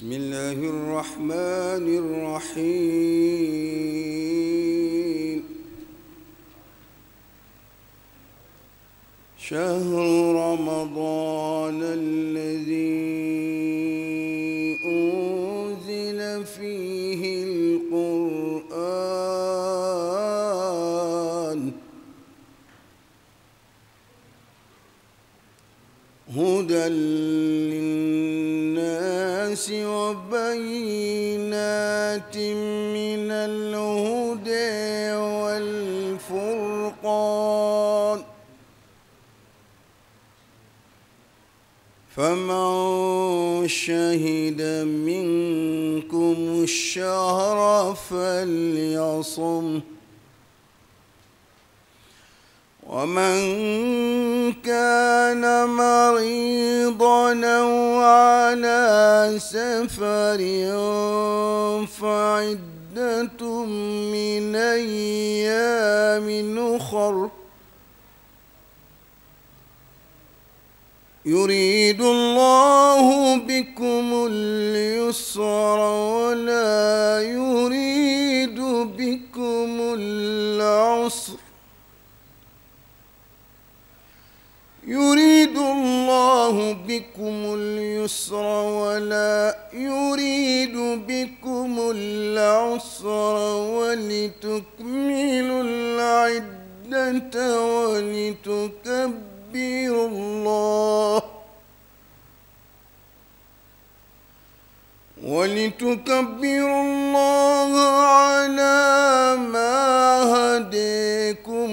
بسم الله الرحمن الرحيم شهر رمضان الذي أنزل فيه القرآن هدى الناس وبينات من الهدى والفرقان فمن شهد منكم الشهر فليصمه ومن كان مريضا أو على سفر فعدة من أيام أخر يريد الله بكم اليسر ولا يريد بكم العسر يريد الله بكم اليسر ولا يريد بكم العسر ولتكملوا العدة ولتكبروا الله ولتكبروا الله على ما هديكم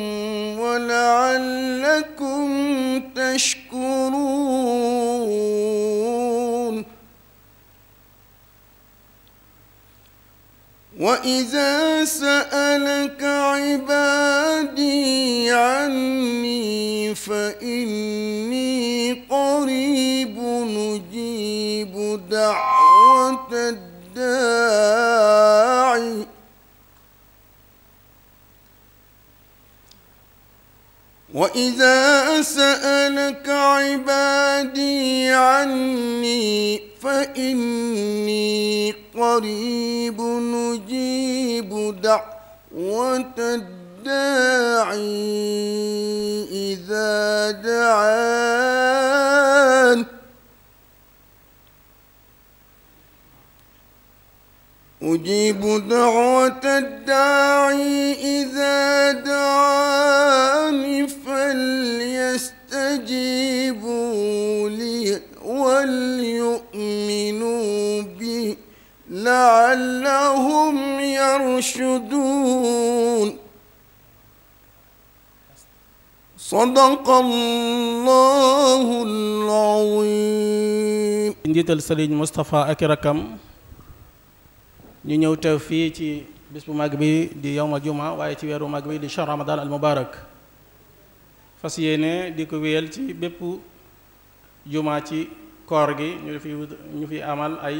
ولعلكم تشكرون وإذا سألك عبادي عني فإني قريب نجيب دعوة الداعي وإذا سألك عبادي عني فإني قريب نجيب دعوة الداعي إذا دعان أجيب دعوة الداعي إذا دعاني فليستجيبوا لي وليؤمنوا بي لعلهم يرشدون صدق الله العظيم njiital sëriñ Moustapha ak rakam ñu ñëw teew fii ci bis bu mag bi di yowmal juma waaye ci weeru mag bi di shahr ramadan al mubarak fas yéene di ko wéyal ci bépp jumaa ci koor gi ñu fi ñu fi amal ay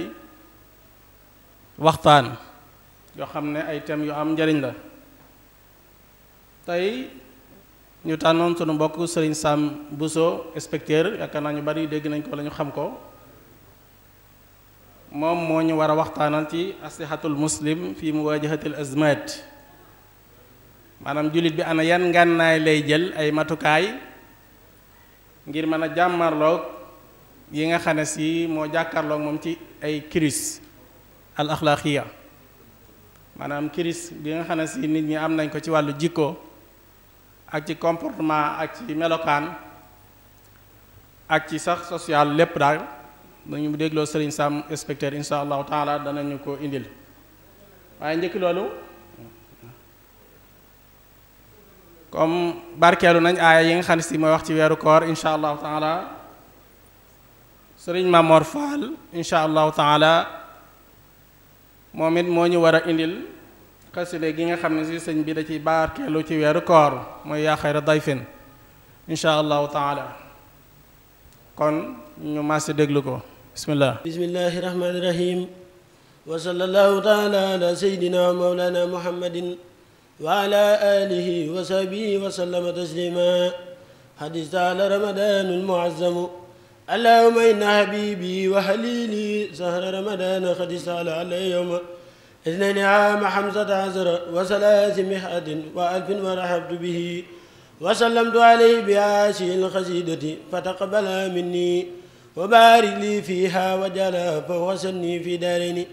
waxtaan yoo xam ne ay thèmes yu am njariñ la tey ñu tànnoon sunu mbokk Serigne Sam Bousso inspecteur yaakaar naa ñu bari dégg nañ ko wala ñu xam ko moom moo ñu war a waxtaanal ci asihatul muslim fi muwajahatil azmat maanaam jullit bi ana yan ngànnaay lay jël ay matukaay ngir mën a jàmmarloog yi nga xam ne si moo jàkkarloog moom ci ay crise al axlaaqiya maanaam crise bi nga xam ne si nit ñi am nañ ko ci wàllu jikko ak ci comportement ak ci melokaan ak ci sax social lépp daal dañu dégloo Sëriñ Sam inspecteur insha allahu taala danañu ko indil waaye njëkk loolu comme barkeelu nañ aaya yi nga xam ne si mooy wax ci weeru koor incha allahu taala sëriñ Mamor Fall incha allahu taala moom it moo ñu war a indil xasile gi nga xam ne si sëñ bi da ciy barkeelu ci weeru koor mooy yaa xayra dayfin incha allahu taala kon ñu mas déglu ko bismillah bismillahi rahmaani rahim wa sallallahu taala ala sayyidina mawlana muhammadin وعلى آله وصحبه وسلم تسليما حديث على رمضان المعظم اللهم إن حبيبي وحليلي سهر رمضان حديث على علي يوم اثنين عام حمزة عزر وثلاث مئة وألف ورحبت به وسلمت عليه بعاشي القصيدة فتقبلها مني وبارك لي فيها وجعلها فوسني في دارني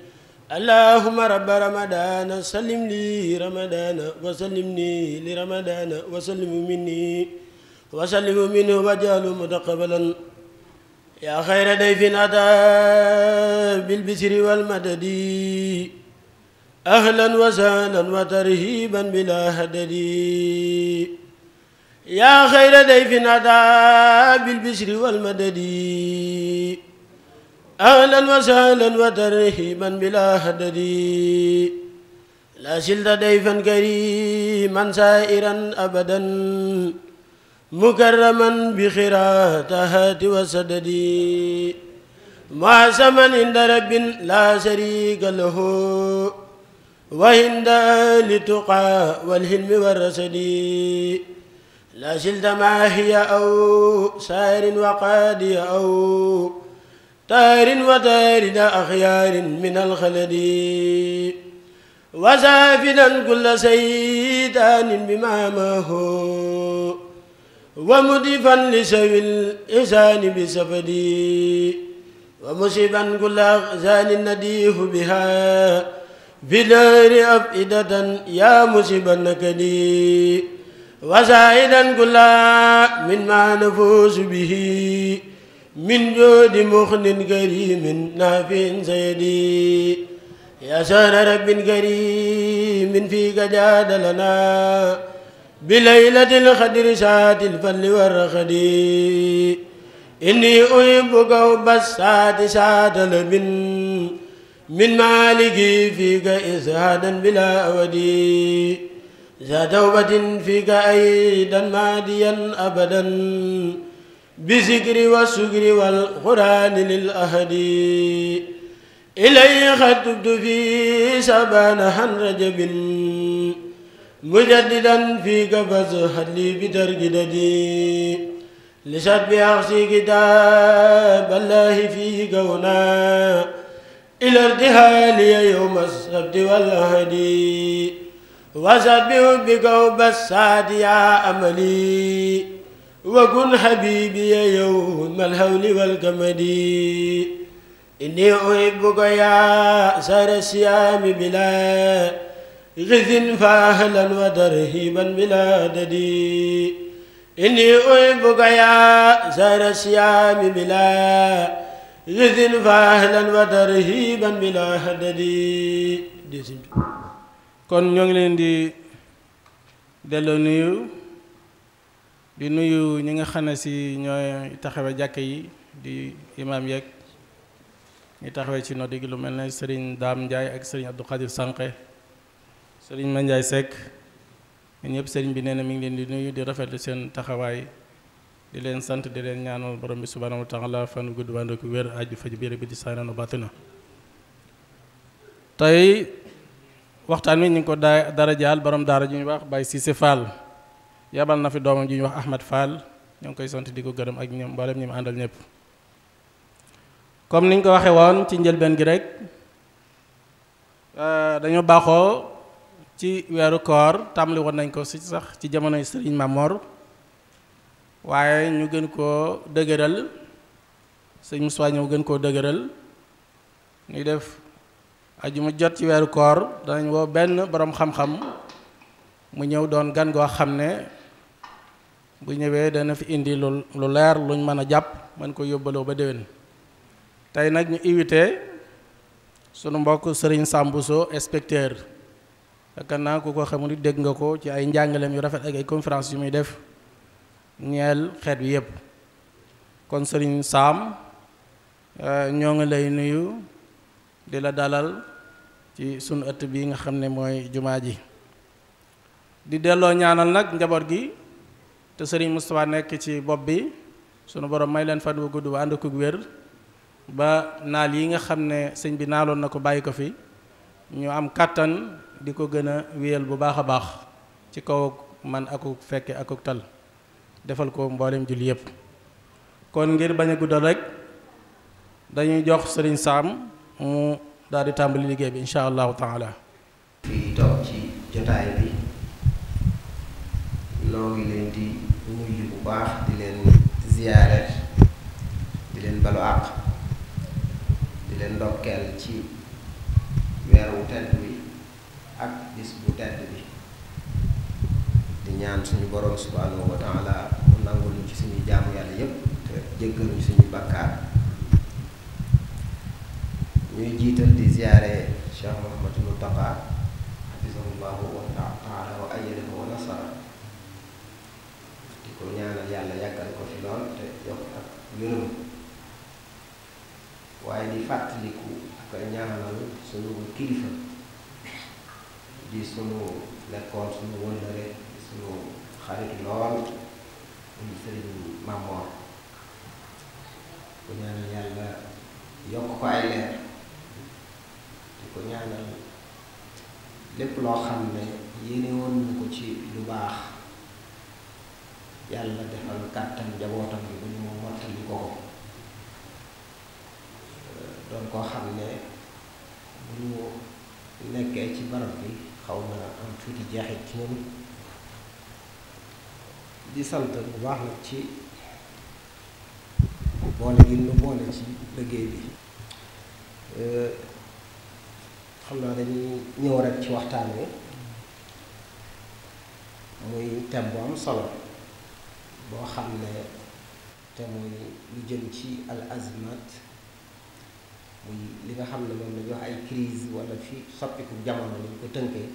allahuma rabba ramadana sallim li ramadana wasallim ni li ramadana wasallimu minni wasallimu minhu wajalu mutaqabalan yaa xayra dayfin ata bilbisri walmadadi ahlan wa sahlan wa tarhiban bila hadadi yaa xayra dayfin ata bilbisri walmadadi ahlan wa sahlan wa tarhiban bila hadadi la silta dayfan kariman sairan abadan mukarraman bi xiraatahati wa sadadi muasaman inda rabbin la sharika lahu wa inda li tuqa wal hilmi wa rasadi la silta ma hiya aw sairin wa qaadiya aw taarin wa taarina axyaarin min alxaladi wa saafinan kulla saytaanin bimaamahu wa mudifan li sawil isaani bi safadi wa musiban kulla axsaanin nadiihu biha fi daari afidatan yaa musiban nakadi wa saahidan kulla min maa nafuusu bihi من جود مخن كريم نافع سيدي يا شان رب كريم فيك جاد لنا بليلة الخدر ساعة الفل والرخد إني أحبك حب الساعة ساعة لب من مالكي فيك إسهادا بلا أودي ذا توبة فيك أيضا ماديا أبدا بذكري والشكر والقرآن للأهدي إليه قد تبت في سبان عن رجب مجددا فيك فازهد لي بترك ددي لشد بأقصي كتاب الله فيك هنا إلى ارتحالي يوم السبت والأهدي وسد بحبك وبسات يا أملي وكن حبيبي يوم الهول والجمد إني أحبك يا سار السيام بلا غث فأهلا وترهيبا بلا عدد إني أحبك يا سار السيام بلا غث فأهلا وترهيبا بلا عدد kon ñoo ngi leen di delloo nuyu di nuyu ñi nga xam ne si ñooy taxawe jàkk yi di imaam yeeg ñu taxawee ci noddi gi lu mel ne sëriñ Daam Njaay ak sëriñ Abdou Khadir Sànqe sëriñ Mandiaye Seck ñun ñëpp sëriñ bi nee na mi ngi leen di nuyu di rafet seen taxawaay di leen sant di leen ñaanal borom bi subhaanahu wa fan gudd wànd ak wér aju faj biir bi di saanan wa baatina tey waxtaan wi ñu ngi ko daa dara jaal borom daara ju ñu wax Baye Cissé Fall yabal na fi doomam ji ñu wax Ahmed Fall ñoo ngi koy sant di ko gërëm ak ñoom mboolem ñi mu àndal ñëpp comme niñ ko waxee woon ci njëlbeen gi rek euh, dañoo baaxoo ci weeru koor tàmbali woon nañ ko si sax ci jamonoy Serigne Mamor waaye ñu gën koo dëgëral sëñ Moussa ñëw gën koo dëgëral ñuy def ajuma jot ci weeru koor danañ woo benn boroom xam-xam mu ñëw doon gan goo xam ne bu ñëwee dana fi indi lu lu leer luñ mën a jàpp mën ko yóbbaloo ba déwén tey nag ñu invité sunu mbokk sëriñ Samb Bousso inspecteur yaakaar naa ku ko xamul dégg nga ko ci ay njàngaleem yu rafet ak ay conférence yu muy def ñeel xeet wi yépp kon Serigne Sam euh, ñoo ngi lay nuyu di la dalal ci sunu ëtt bi nga xam ne mooy jumaa ji di delloo ñaanal nag njaboot gi te sëriñ Moustapha nekk ci bopp bi sunu borom may leen fan wu gudd ba ànd ak wér ba naal yi nga xam ne sëñ bi naaloon na ko bàyyi ko fi ñu am kàttan di ko gën a wéyal bu baax a baax ci kaw man akuk fekke ak tal defal ko mboolem julli yépp kon ngir bañ a guddal rek dañuy jox sëriñ Saam mu daal tàmbali liggéey bi incha allahu taala fii toog ci jotaay bi noo ngi leen di waa di leen ziyaare di leen balo àq di leen ndokkeel ci weer wu tedd bi ak bis bu tedd bi di ñaan suñu borom subhaanahu wa taala mu nangul ñu ci suñu jaamu yàlla yépp te jéggal ñu suñu bakkaar ñuy jiital di ziyaare Cheikh Mouhamadou Mountakha xafisahullahu wa taala wa ayyadahu wa nasara ko ñaanal yàlla yàggal ko fi lool te yokk ak yërëm waaye di fàttaliku ak ñaanal sunu kilifa di sunu lekkool sunu wëllëre sunu xarit lool muy sëriñ Mamor ko ñaanal yàlla yokk ko ay leer di ko ñaanal lépp loo xam ne yéene woon ko ci lu baax yàlla defal kàttan njabootam bi bu ñu mu mottali ko ko doon koo xam ne bu ñu nekkee ci barab bi xaw na am tuuti jeexit ci ñun di sant bu baax nag ci boole gi nu boole ci liggéey bi euh, xam naa dañuy ñëw rek ci waxtaan wi muy thème am solo boo xam ne te muy lu jëm ci al azmat muy li nga xam ne moom la ñuy ay crise walla fi soppiku jamono ni ñu ko tënkee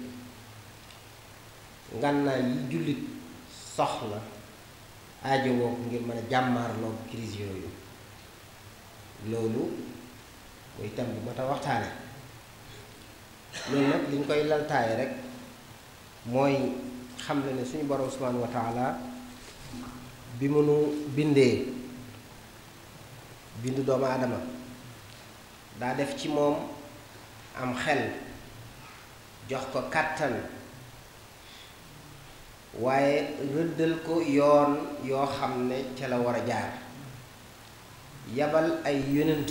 ngànnaay yi jullit soxla aajowoo ko ngir mën a jàmmaarloo crise yooyu loolu muy tam bu mat a waxtaane loolu nag li ñu koy laltaaye rek mooy xam ne ne suñu borom subhanahu wa bi mu nu bindee bind doomu adama daa def ci moom am xel jox ko kàttan waaye rëddal ko yoon yoo xam ne ca la war a jaar yabal ay yonent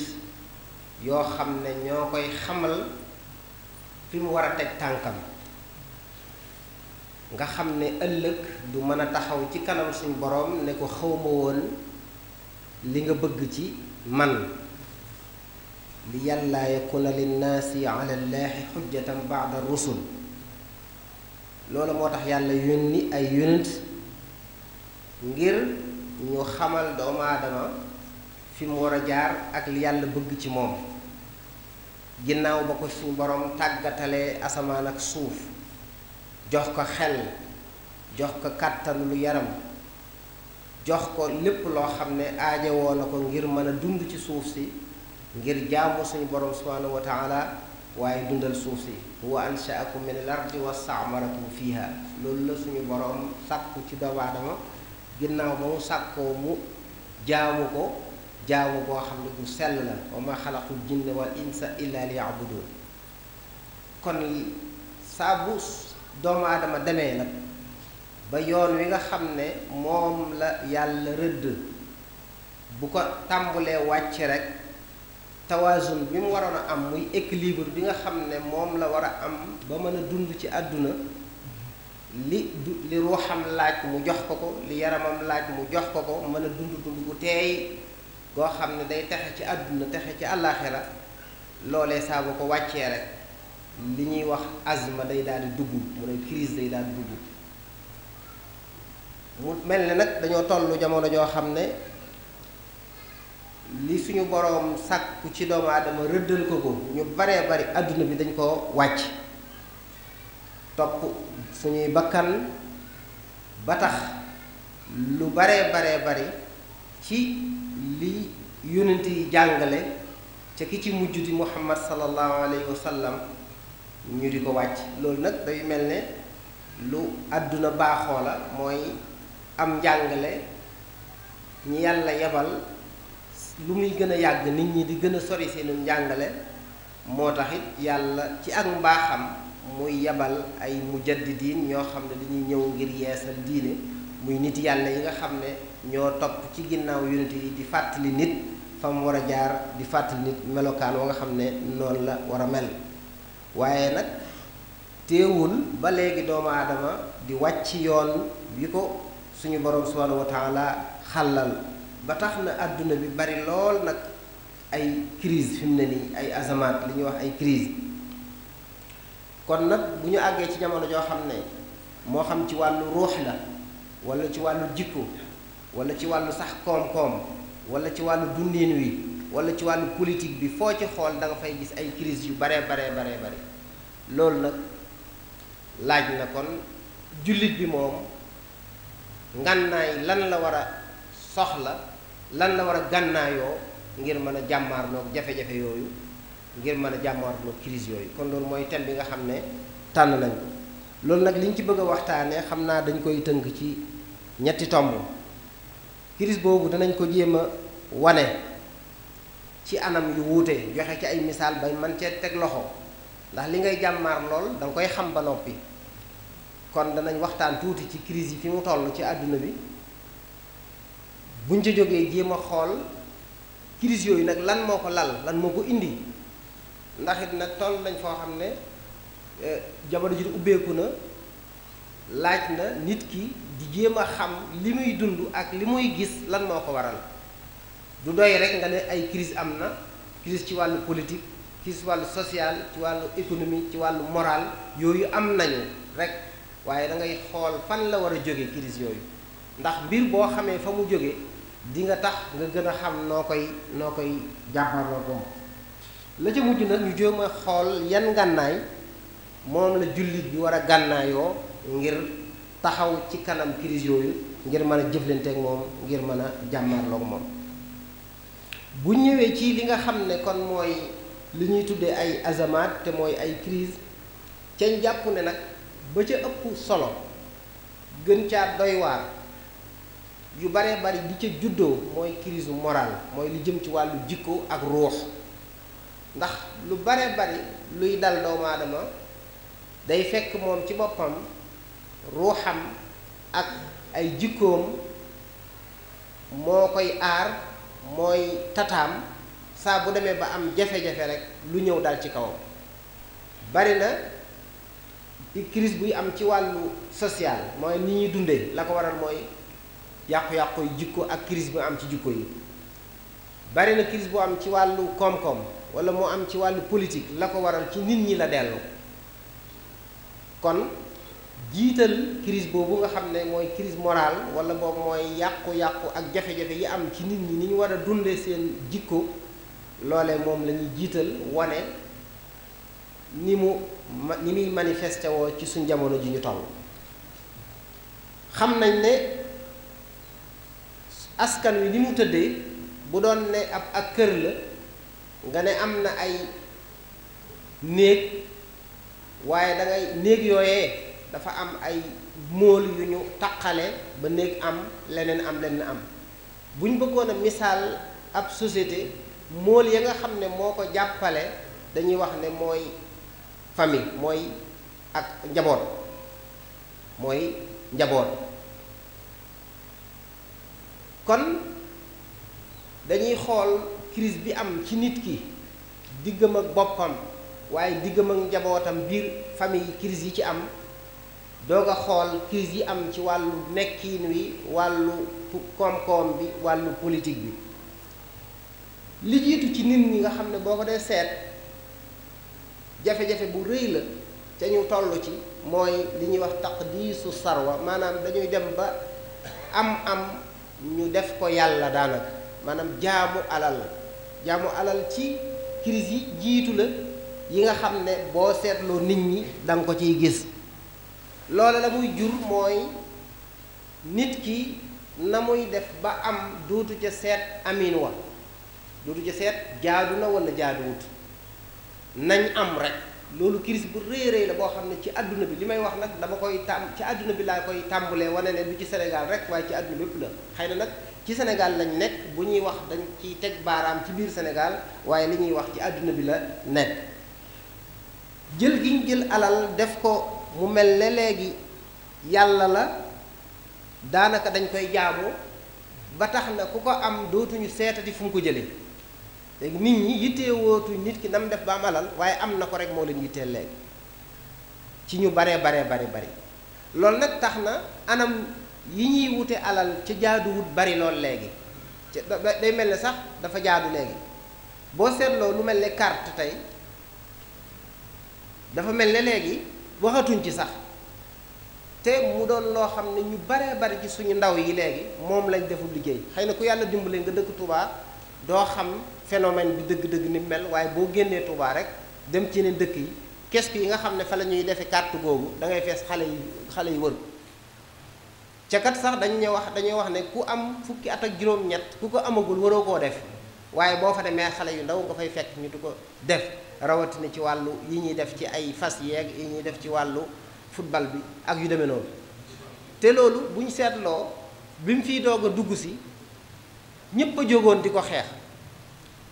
yoo xam ne ñoo koy xamal fi mu war a teg tànkam nga xam ne ëllëg du mën a taxaw ci kanamu suñ borom ne ko xawma woon li nga bëgg ci man li yàllaa yakuna linnaasi ala llaahi xujjatan baada rusul loolu moo tax yàlla yónni ay yónent ngir ñu xamal doomu aadama fi mu war a jaar ak li yàlla bëgg ci moom ginnaaw ba ko suñ borom tàggatalee asamaan ak suuf jox ko xel jox ko kàttanu lu yaram jox ko lépp loo xam ne aajowoo na ko ngir mën a dund ci suuf si ngir jaamu suñu borom subhanahu wa waaye dundal suuf si huwa anshaakum min al ardi wa staamarakum fiha loolu la suñu borom sàkku ci doomu aadama ginnaaw ba mu sàkkoo mu jaamu ko jaamu boo xam ne bu sell la wa ma xalaqul jinne wal insa illa li yabudun kon saa doomu aadama demee nag ba yoon wi nga xam ne moom la yàlla rëdd bu ko tàmbulee wàcc rek tawaasun bi mu waroon a am muy équilibre bi nga xam ne moom la war a am ba mën a dund ci àdduna li du li ruuxam laaj mu jox ko ko li yaramam laaj mu jox ko ko mën a dund dund bu teey goo xam ne day taxe ci àdduna texe ci àllaaxira loolee saa bu ko wàccee rek li ñuy wax azma day daal di dugg wala crise day daal di dugg mu mel ni nag dañoo tollu jamono joo xam ne li suñu boroom sàkku ci doomu aadama rëddal ko ko ñu baree bari àdduna bi dañ koo wàcc topp suñuy bakkan ba tax lu baree baree bari ci li yonent yi jàngale ca ki ci mujj di muhammad sallallahu alayhi wa ñu di ko wàcc loolu nag day mel ne lu àdduna baaxoo la mooy am njàngale ñi yàlla yebal lu muy gën a yàgg nit ñi di gën a sori seenu njàngale moo taxit yàlla ci ak mbaaxam muy yebal ay mujaddidiin ñoo xam ne dañuy ñëw ngir yeesal diine muy nit yàlla yi nga xam ne ñoo topp ci ginnaaw yonent yi di fàttali nit fa mu war a jaar di fàttali nit melokaan wa nga xam ne noonu la war a mel waaye nag téewul ba léegi doomu aadama di wàcc yoon bi ko suñu borom subhanahu wa taala xàllal ba tax na àdduna bi bari lool nag ay crise fi ne nii ay azamaat li ñuy wax ay crise kon nag bu ñu àggee ci jamono joo xam ne moo xam ci wàllu ruux la wala ci wàllu jikko wala ci wàllu sax koom-koom wala ci wàllu dundin wi wala ci wàllu politique bi foo ci xool danga fay gis ay crise yu baree baree baree bare loolu nag laaj na kon jullit bi moom ngànnaay lan la war a soxla lan la war a gànnaayoo ngir mën a jàmmaarloog jafe-jafe yooyu ngir mën a jàmmaarloog crise yooyu kon loolu mooy thème bi nga xam ne tànn nañ ko loolu nag liñ ci bëgg a waxtaanee xam naa dañ koy tënk ci ñetti tomb crise boobu danañ ko jéem a wane ci anam yu wuute joxe ci ay misaal bay man cee teg loxo ndax li ngay jàmmaar lool da koy xam ba noppi kon danañ waxtaan tuuti ci crise yi fi mu toll ci àdduna bi buñ ca jógee jéem a xool crise yooyu nag lan moo ko lal lan moo ko indi ndaxit it nag toll nañ foo xam ne eh, jamono ji ubbeeku na laaj na nit ki di jéem a xam li muy dund ak li muy gis lan moo ko waral du doy rek nga ne ay crise am na crise ci wàllu politique crise ci wàllu social ci wàllu économie ci wàllu moral yooyu am nañu rek waaye da ngay xool fan la war a jóge crise yooyu ndax mbir boo xamee fa mu jóge di nga tax nga gën a xam noo koy noo koy jàmmarloo ko la ca mujj nag ñu jéem a xool yan gànnaay moom la jullit bi war a gànnaayoo ngir taxaw ci kanam crise yooyu ngir mën a jëflanteeg moom ngir mën a jàmmarloo moom bu ñëwee ci li nga xam ne kon mooy li ñuy tuddee ay azamaat te mooy ay crise cañ jàpp ne nag ba ca ëpp solo gën caa doy yu bare bari di ca juddoo mooy crise morale mooy lu jëm ci wàllu jikkoo ak ruux ndax lu baree bari luy dal doomu day fekk moom ci boppam ruuxam ak ay jikkoom moo koy aar mooy tataam saa bu demee ba am jafe-jafe rek lu ñëw dal ci kawam bari na di crise buy am ci wàllu social mooy ni ñuy dundee la ko waral mooy yàqu-yàqu yi jikko ak crise bi am ci jikko yi bari na crise bu am ci wàllu koom-koom walla moo am ci wàllu politique la ko waral ci nit ñi la dellu kon jiital crise boobu nga xam ne mooy crise morale wala boog mooy yàqu-yàqu ak jafe-jafe yi am ci nit ñi ni ñu war a dundee seen jikko loole moom lañuy jiital wane ni mu ni muy manifesté woo ci suñ jamono ji ñu toll xam nañ ne askan wi ni mu tëddee bu doon ne ab ak kër la nga ne am na ay néeg waaye dangay néeg yooyee dafa am ay móol yu ñu taqale ba néeg am leneen am leneen am bu ñu bëggoon a misaal ab société móol yi nga xam ne moo ko jàppale dañuy wax ne mooy famille mooy ak njaboot mooy njaboot kon dañuy xool crise bi am ci nit ki diggam ak boppam waaye diggam ak njabootam biir famille crise yi ci am doo nga xool crise yi am ci wàllu nekkiin wi wàllu koom-koom bi wàllu politique bi li jiitu ci nit ñi nga xam ne boo ko dee seet jafe-jafe bu rëy la te ñu toll ci mooy li ñuy wax taqdiisu sarwa maanaam dañuy dem ba am am ñu def ko yàlla daanaka maanaam jaamu alal jaamu alal ci crise yi jiitu la yi nga xam ne boo seetloo nit ñi da ko ciy gis loola la muy jur mooy nit ki na muy def ba am dootu ca seet amin wa dootu ca seet jaadu na walla wala jaaduwut nañ am rek loolu crise bu rëy rëy la boo xam ne ci àdduna bi li may wax nag dama koy tàm ci àdduna bi laa koy tàmbulee wane ne du ci senegal rek waaye ci àdduna bépp la xëy na nag ci senegal lañ nekk bu ñuy wax dañ ci teg baaraam ci biir senegal waaye li ñuy wax ci àdduna bi la nekk jël gi ñu jël alal def ko mu mel ne léegi yàlla la daanaka dañ koy jaamu ba tax na ku ko am dootuñu seetati fu mu ko jëlee léegi nit ñi yittee wootu nit ki nam def ba am alal waaye am na ko rek moo leen yittee léegi ci ñu baree baree bari bari loolu nag tax na anam yi ñuy wute alal ca jaaduwut bari lool léegi ci day mel ne sax dafa jaadu léegi boo seetloo lu mel ne carte tey dafa mel ne léegi waxatuñ ci sax te mu doon loo xam ne ñu baree bari ci suñu ndaw yi léegi moom lañ deful liggéey xëy na ku yàlla dimbale nga dëkk Touba doo xam phénomène bi dëgg-dëgg ni mel waaye boo génnee Touba rek dem ci ne dëkk yi kees yi nga xam ne fa lañuy ñuy defee carte googu da ngay fees xale yi xale yi wër ca kat sax dañ ñuy wax dañuy wax ne ku am fukki at ak juróom-ñett ku ko amagul waroo koo def waaye boo fa demee xale yu ndaw nga fay fekk ñu du ko def. rawatina ci wàllu yi ñuy def ci ay fas yeeg yi ñuy def ci wàllu football bi ak yu demee noonu te loolu bu ñu seetloo bi mu fiy doog a dugg si ñëpp a jógoon di ko xeex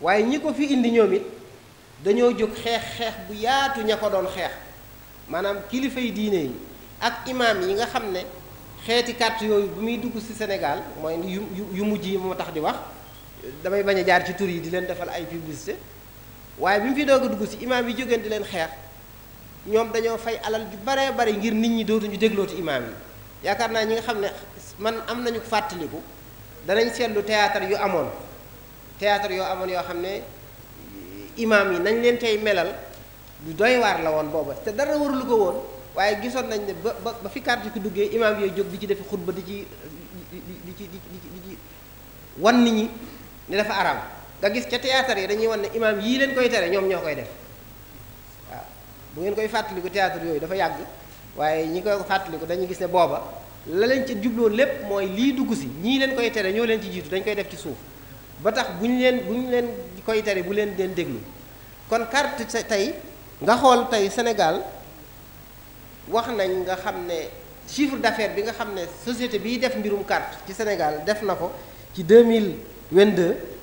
waaye ñi ko fi indi ñoom it dañoo jóg xeex xeex bu yaatu ña ko doon xeex maanaam kilifa yi diine yi ak imaam yi nga xam ne xeeti carte yooyu bu muy dugg si Sénégal mooy yu yu mujj yi moo tax di wax damay bañ a jaar ci tur yi di leen defal ay publicité. waaye bi mu fi doog dugg si imaam yi jógeen di leen xeex ñoom dañoo fay alal ju baree bare ngir nit ñi dootuñu déglooti imaam yi yaakaar naa ñi nga xam ne man am nañu fàttaliku danañ seetlu théâtre yu amoon théâtre yoo amoon yoo xam ne imaam yi nañ leen tey melal lu doy waar la woon booba te dara warulu ko woon waaye gisoon nañ ne ba ba fi carte ki duggee imaam yooyu jóg di ci defi xutba di ci di ci di ci di ci wan nit ñi ne dafa araam nga gis ca théâtre yi dañuy wan ne imaam yii leen koy tere ñoom ñoo koy def waaw bu ngeen koy fàttaliku théâtre yooyu dafa yàgg waaye ñi koy fàttaliku dañuy gis ne booba la leen ca jubloon lépp mooy lii dugg si ñii leen koy tere ñoo leen ci jiitu dañ koy def ci suuf ba tax bu ñu leen bu ñu leen koy tere bu leen leen déglu kon carte tey nga xool tey Sénégal wax nañ nga xam ne chiffre d'affaires bi nga xam ne société biy def mbirum carte ci Sénégal def na ko ci 2022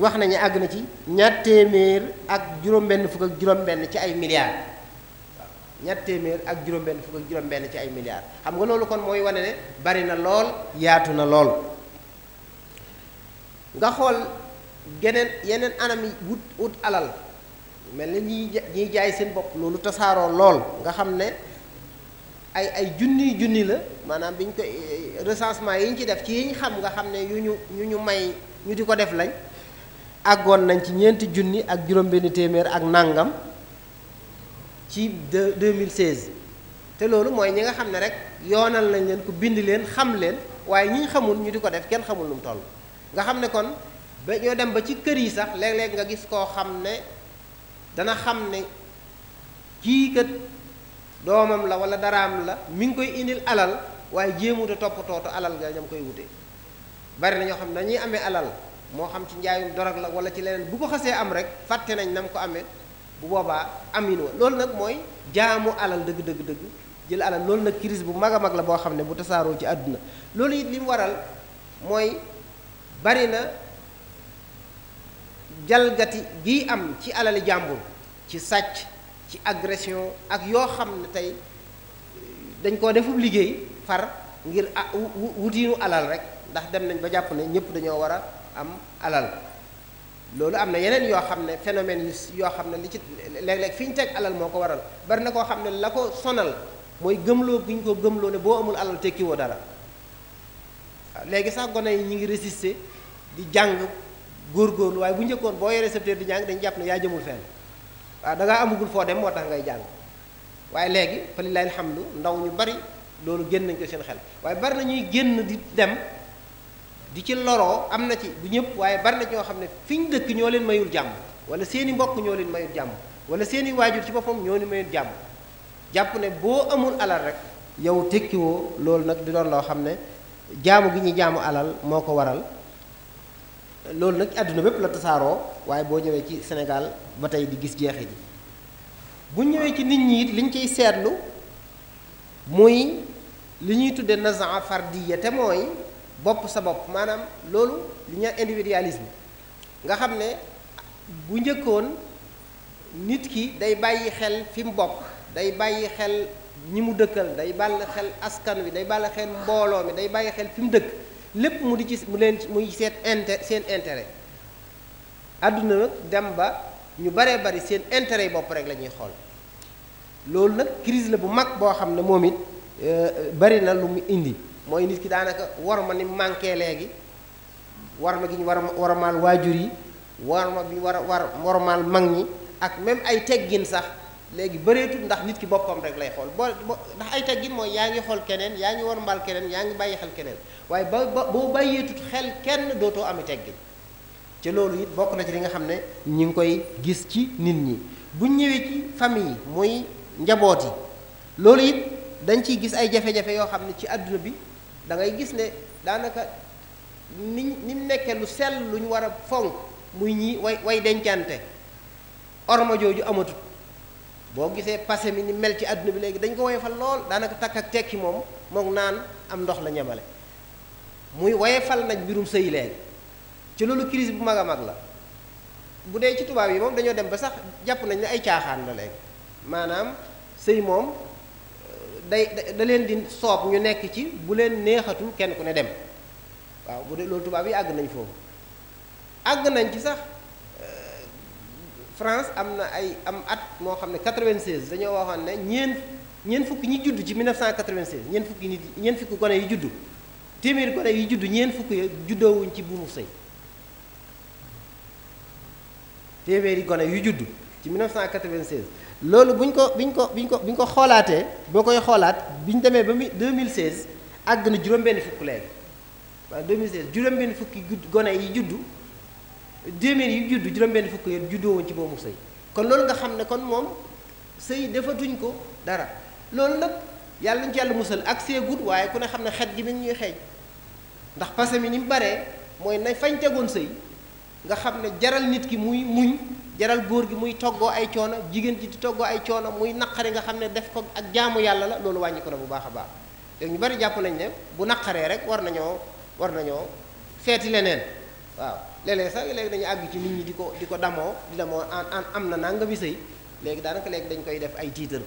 wax nañu àgg na ci ñaar téeméer ak juróom-benn fukk ak juróom-benn ci ay milliards waaw ñaar téeméer ak juróom-benn fukk ak juróom-benn ci ay milliards xam nga loolu kon mooy wane ne bari na lool yaatu na lool nga xool geneen yeneen anam wut wut alal mel ni ñiy ñiy jaay seen bopp loolu tasaaroo lool nga xam ne ay ay junni junni la maanaam bi ñu ko eh, recensement yi ñu ci def ci yi ñu xam nga xam ne yu ñu yu ñu may ñu di ko def lañ àggoon nañ ci ñeenti junni ak juróom-benn téeméer ak nàngam ci deux 2016 te loolu mooy ñi nga xam ne rek yoonal nañ leen ko bind leen xam leen waaye ñii xamul ñu di ko def kenn xamul nu mu nga xam ne kon ba ñoo dem ba ci kër yi sax léeg-léeg nga gis koo xam ne dana xam ne kii kat doomam la wala daraam la mi ngi koy indil alal waaye jéemuta toppatootu alal nga ñam koy wute bari na ñoo xam ne dañuy ame alal moo xam ci njaayum dorog la wala ci leneen bu ko xasee am rek fàtte nañ na mu ko amee bu boobaa amin wa loolu nag mooy jaamu alal dëgg dëgg dëgg jël alal loolu nag crise bu mag a mag la boo xam ne bu tasaaroo ci àdduna loolu it li mu waral mooy bari na jalgati gi am ci alali jàmbur ci sàcc ci agression ak yoo xam ne tey dañ koo defub liggéey far ngir ah wutiinu alal rek ndax dem nañ ba jàpp ne ñëpp dañoo war am alal loolu am na yeneen yoo xam ne phénomène yu yoo xam ne li ci léeg-léeg fi ñu teg alal moo ko waral bari na koo xam ne la ko sonal mooy gëm gëmloo gi ñu ko gëmloo ne boo amul alal tekki woo dara léegi sax gone yi ñu ngi résister di jàng góor góorgóorlu waaye bu njëkkoon boo yoree récepteur di jàng dañu jàpp ne yaa jëmul fenn waaw da amagul foo dem moo tax ngay jàng waaye léegi fa xam lu ndaw ñu bari loolu génn nañ ko seen xel waaye bari na ñuy génn di dem di ci loroo am na ci bu ñëpp waaye bari na ñoo xam ne fi dëkk ñoo leen mayul jàmm wala seeni mbokk ñoo leen mayul jàmm wala seeni ci boppam ñoo leen mayul jàmm jàpp ne boo amul alal rek yow tekkiwoo loolu nag di doon loo xam ne jaamu gi ñuy jaamu alal moo ko waral loolu nag àdduna bépp la tasaaroo waaye boo ñëwee ci senegal ba tey di gis jeexi ji bu ñëwee ci nit ñi liñ ciy seetlu muy li ñuy tudde nazaa fardiya te mooy bopp sa bopp maanaam loolu li ñuy individualisme nga xam ne bu njëkkoon nit ki day bàyyi xel fi mu bokk day bàyyi xel ñi mu dëkkal day bàll xel askan wi day bàll xel mbooloo mi day bàyyi xel fi mu dëkk lépp mu di ci mu leen muy seet inter seen intérêt àdduna nag dem ba ñu baree bari seen intérêt yi bopp rek la ñuy xool loolu nag crise la bu mag boo xam ne moom it euh, bari na lu mu indi mooy nit ki daanaka war ma ni manqué léegi war ma gi war a war a maal waajur yi war bi ñu war a war war mag ñi ak même ay teggin sax léegi bëreetul ndax nit ki boppam rek lay xool boo ndax ay teggin mooy yaa ngi xool keneen yaa ngi war mbaal yaa ngi bàyyi keneen waaye ba boo bàyyeetut xel kenn dootoo ami teggin te loolu it bokk na ci li nga xam ne ñi ngi koy gis ci nit ñi bu ñëwee ci famille yi muy njaboot yi loolu it dañ ciy gis ay jafe-jafe yoo xam ne ci àdduna bi da ngay gis ne daanaka ni ni mu nekkee lu sell lu ñu war a fonk muy ñii way way dencante orma jooju amatut boo gisee passé mi ni mel ci àdduna bi léegi dañ ko woyefal lool daanaka takk ak tekki moom moom naan am ndox la ñemale muy woyefal nañ mbirum sëy léegi ci loolu crise bu mag a mag la bu dee ci tubaab yi moom dañoo dem ba sax jàpp nañ ne ay caaxaan la léegi maanaam sëy moom day da leen di soob ñu nekk ci bu leen neexatu kenn ku ne dem waaw bu dee loolu tubaab yi àgg nañ foofu àgg nañ ci sax euh, France am na ay am at moo xam ne 96 dañoo waxoon ne ñeen ñeen fukki ñi judd ci 1996 ñeen fukki nit ñeen fukki gone yi judd téeméeri gone yi judd ñeen fukki juddoowuñ ci buumu sëy téeméeri gone yu judd ci 1996 loolu buñ ko biñ ko biñ ko biñ ko xoolaatee boo koy xoolaat ñu demee ba mu mi 2016 àgg na juróom-benn fukk léegi waaw 2016 juróom-benn fukki gone yi juddu 2000 yi juddu juróom-benn fukk yi juddu woon ci moomu sëy kon loolu nga xam ne kon moom sëy defatuñ ko dara loolu nag yàlla nañ ci yàlla musal ak seegut waaye ku ne xam ne xet gi mi ñuy xeeñ ndax passé mi ni mu baree mooy na fañ tegoon sëy nga xam ne jaral nit ki muy muñ jaral góor gi muy toggoo ay coono jigéen ji di toggoo ay coono muy naqari nga xam ne def ko ak jaamu yàlla la loolu wàññi na bu baax a baax léegi ñu bari jàpp nañ ne bu naqaree rek war nañoo war nañoo feeti leneen waaw léeg-léeg sax léegi dañu àgg ci nit ñi di ko di ko damoo di damoo an am na nanga bi sëy léegi daanaka léegi dañ koy def ay tiitar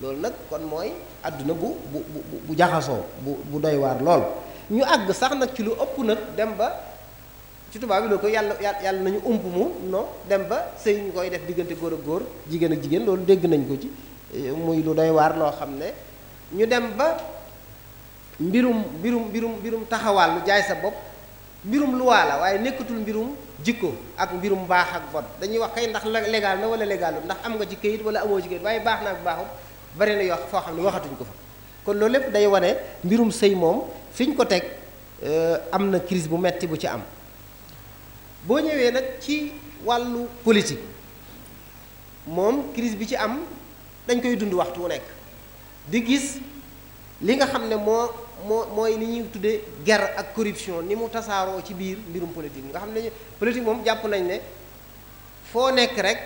loolu nag kon mooy àdduna bu bu bu bu jaxasoo bu bu doy waar lool ñu àgg sax nag ci lu ëpp nag dem ba ci tubaab bi loolu ko yàlla yàlla nañu ump mu non dem ba sëy ñu koy def diggante góor ak góor jigéen ak jigéen loolu dégg nañ ko ci eh, muy lu doy waar loo xam ne ñu dem ba mbirum mbirum mbirum mbirum taxawaal lu jaay sa bopp mbirum luwaa la waaye nekkatul mbirum jikko ak mbirum baax ak bon dañuy wax kay ndax legal na wala légalu ndax am nga ci kayit wala amoo ci kayit waaye baax na ak baaxut bari na yoo foo xam ne waxatuñ ko fa kon loolu lépp day wane mbirum sëy moom fi ko teg eh, am na crise bu metti bu ci am boo ñëwee nag ci wàllu politique moom crise bi ci am dañ koy dund waxtu wu nekk di gis li nga xam ne moo moo mooy ni ñuy tuddee guerre ak corruption ni mu tasaaroo ci biir mbirum politique nga xam ne politique moom jàpp nañ ne foo nekk rek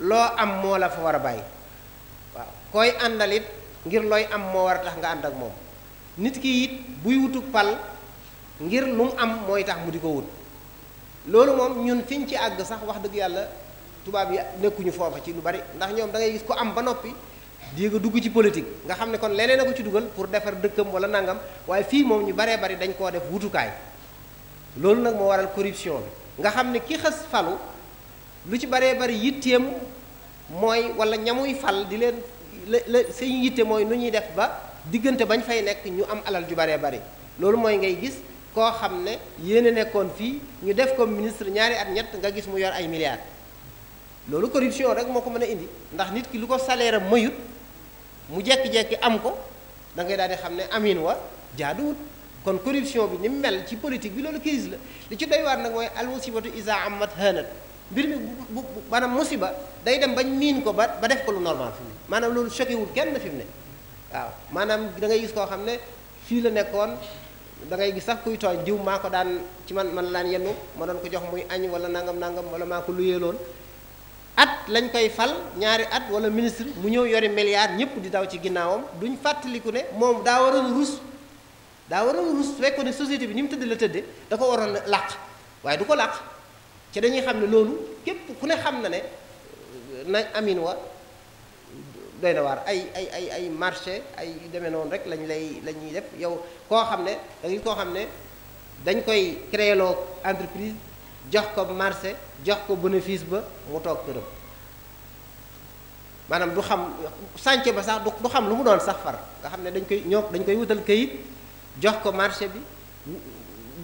loo am moo la fa war a bàyyi waaw koy àndalit ngir looy am moo war a tax nga ànd ak moom nit ki it buy wutuk pal ngir lu mu am mooy tax mu di ko wut loolu moom ñun fiñ ci àgg sax wax dëgg yàlla tubaab yi nekkuñu foofa ci lu bari ndax ñoom da ngay gis ko am ba noppi jéega dugg ci politique nga xam ne kon leneen a ko ci dugal pour defar dëkkam wala nangam waaye fii moom ñu baree bari dañ koo def wutukaay loolu nag moo waral corruption bi nga xam ne ki xës falu lu ci baree bari yitteem mooy wala ñamuy fal di leen la la seen yitte mooy nu ñuy def ba diggante bañ fay nekk ñu am alal ju baree bari loolu ngay gis koo xam ne yéen nekkoon fii ñu def comme ministre ñaari at ñett nga gis mu yor ay milliards loolu corruption rek moo ko mën a indi ndax nit ki lu ko salaire am mayut mu jekki-jekki am ko da ngay daal di xam ne amin wa jaaduwut kon corruption bi ni mu mel ci politique bi loolu crise la li ci doy waar nag mooy al musibatu isa amat hanat mbir mi bu bu maanaam musiba day dem bañ miin ko ba ba def ko lu normal fi maanaam loolu choqué wul kenn fi mu ne waaw maanaam dangay gis koo xam ne fii la nekkoon da ngay gis sax kuy tooñ diw maa ko daan ci man man la daan yennu ma doon ko jox muy añ wala nangam nangam wala maa ko luyeeloon at lañ koy fal ñaari at wala ministre mu ñëw yore milliard ñëpp di daw ci ginnaawam duñ fàttaliku ne moom daa waroon rus daa waroon rus su fekkoon ne société bi ni mu tëdd la tëdde da ko waroon làq waaye du ko làq ci dañuy xam ne loolu képp ku ne xam na ne na amin wa doy na waar ay ay ay ay marché ay demee noonu rek lañ lay lañuy def yow koo xam ne da ngay koo xam ne dañ koy créeloo entreprise jox ko marché jox ko bénéfice ba mu toog këram maanaam du xam sànce ba sax du xam lu mu doon sax far nga xam ne dañ koy ñoo dañ koy wutal kayit jox ko marché bi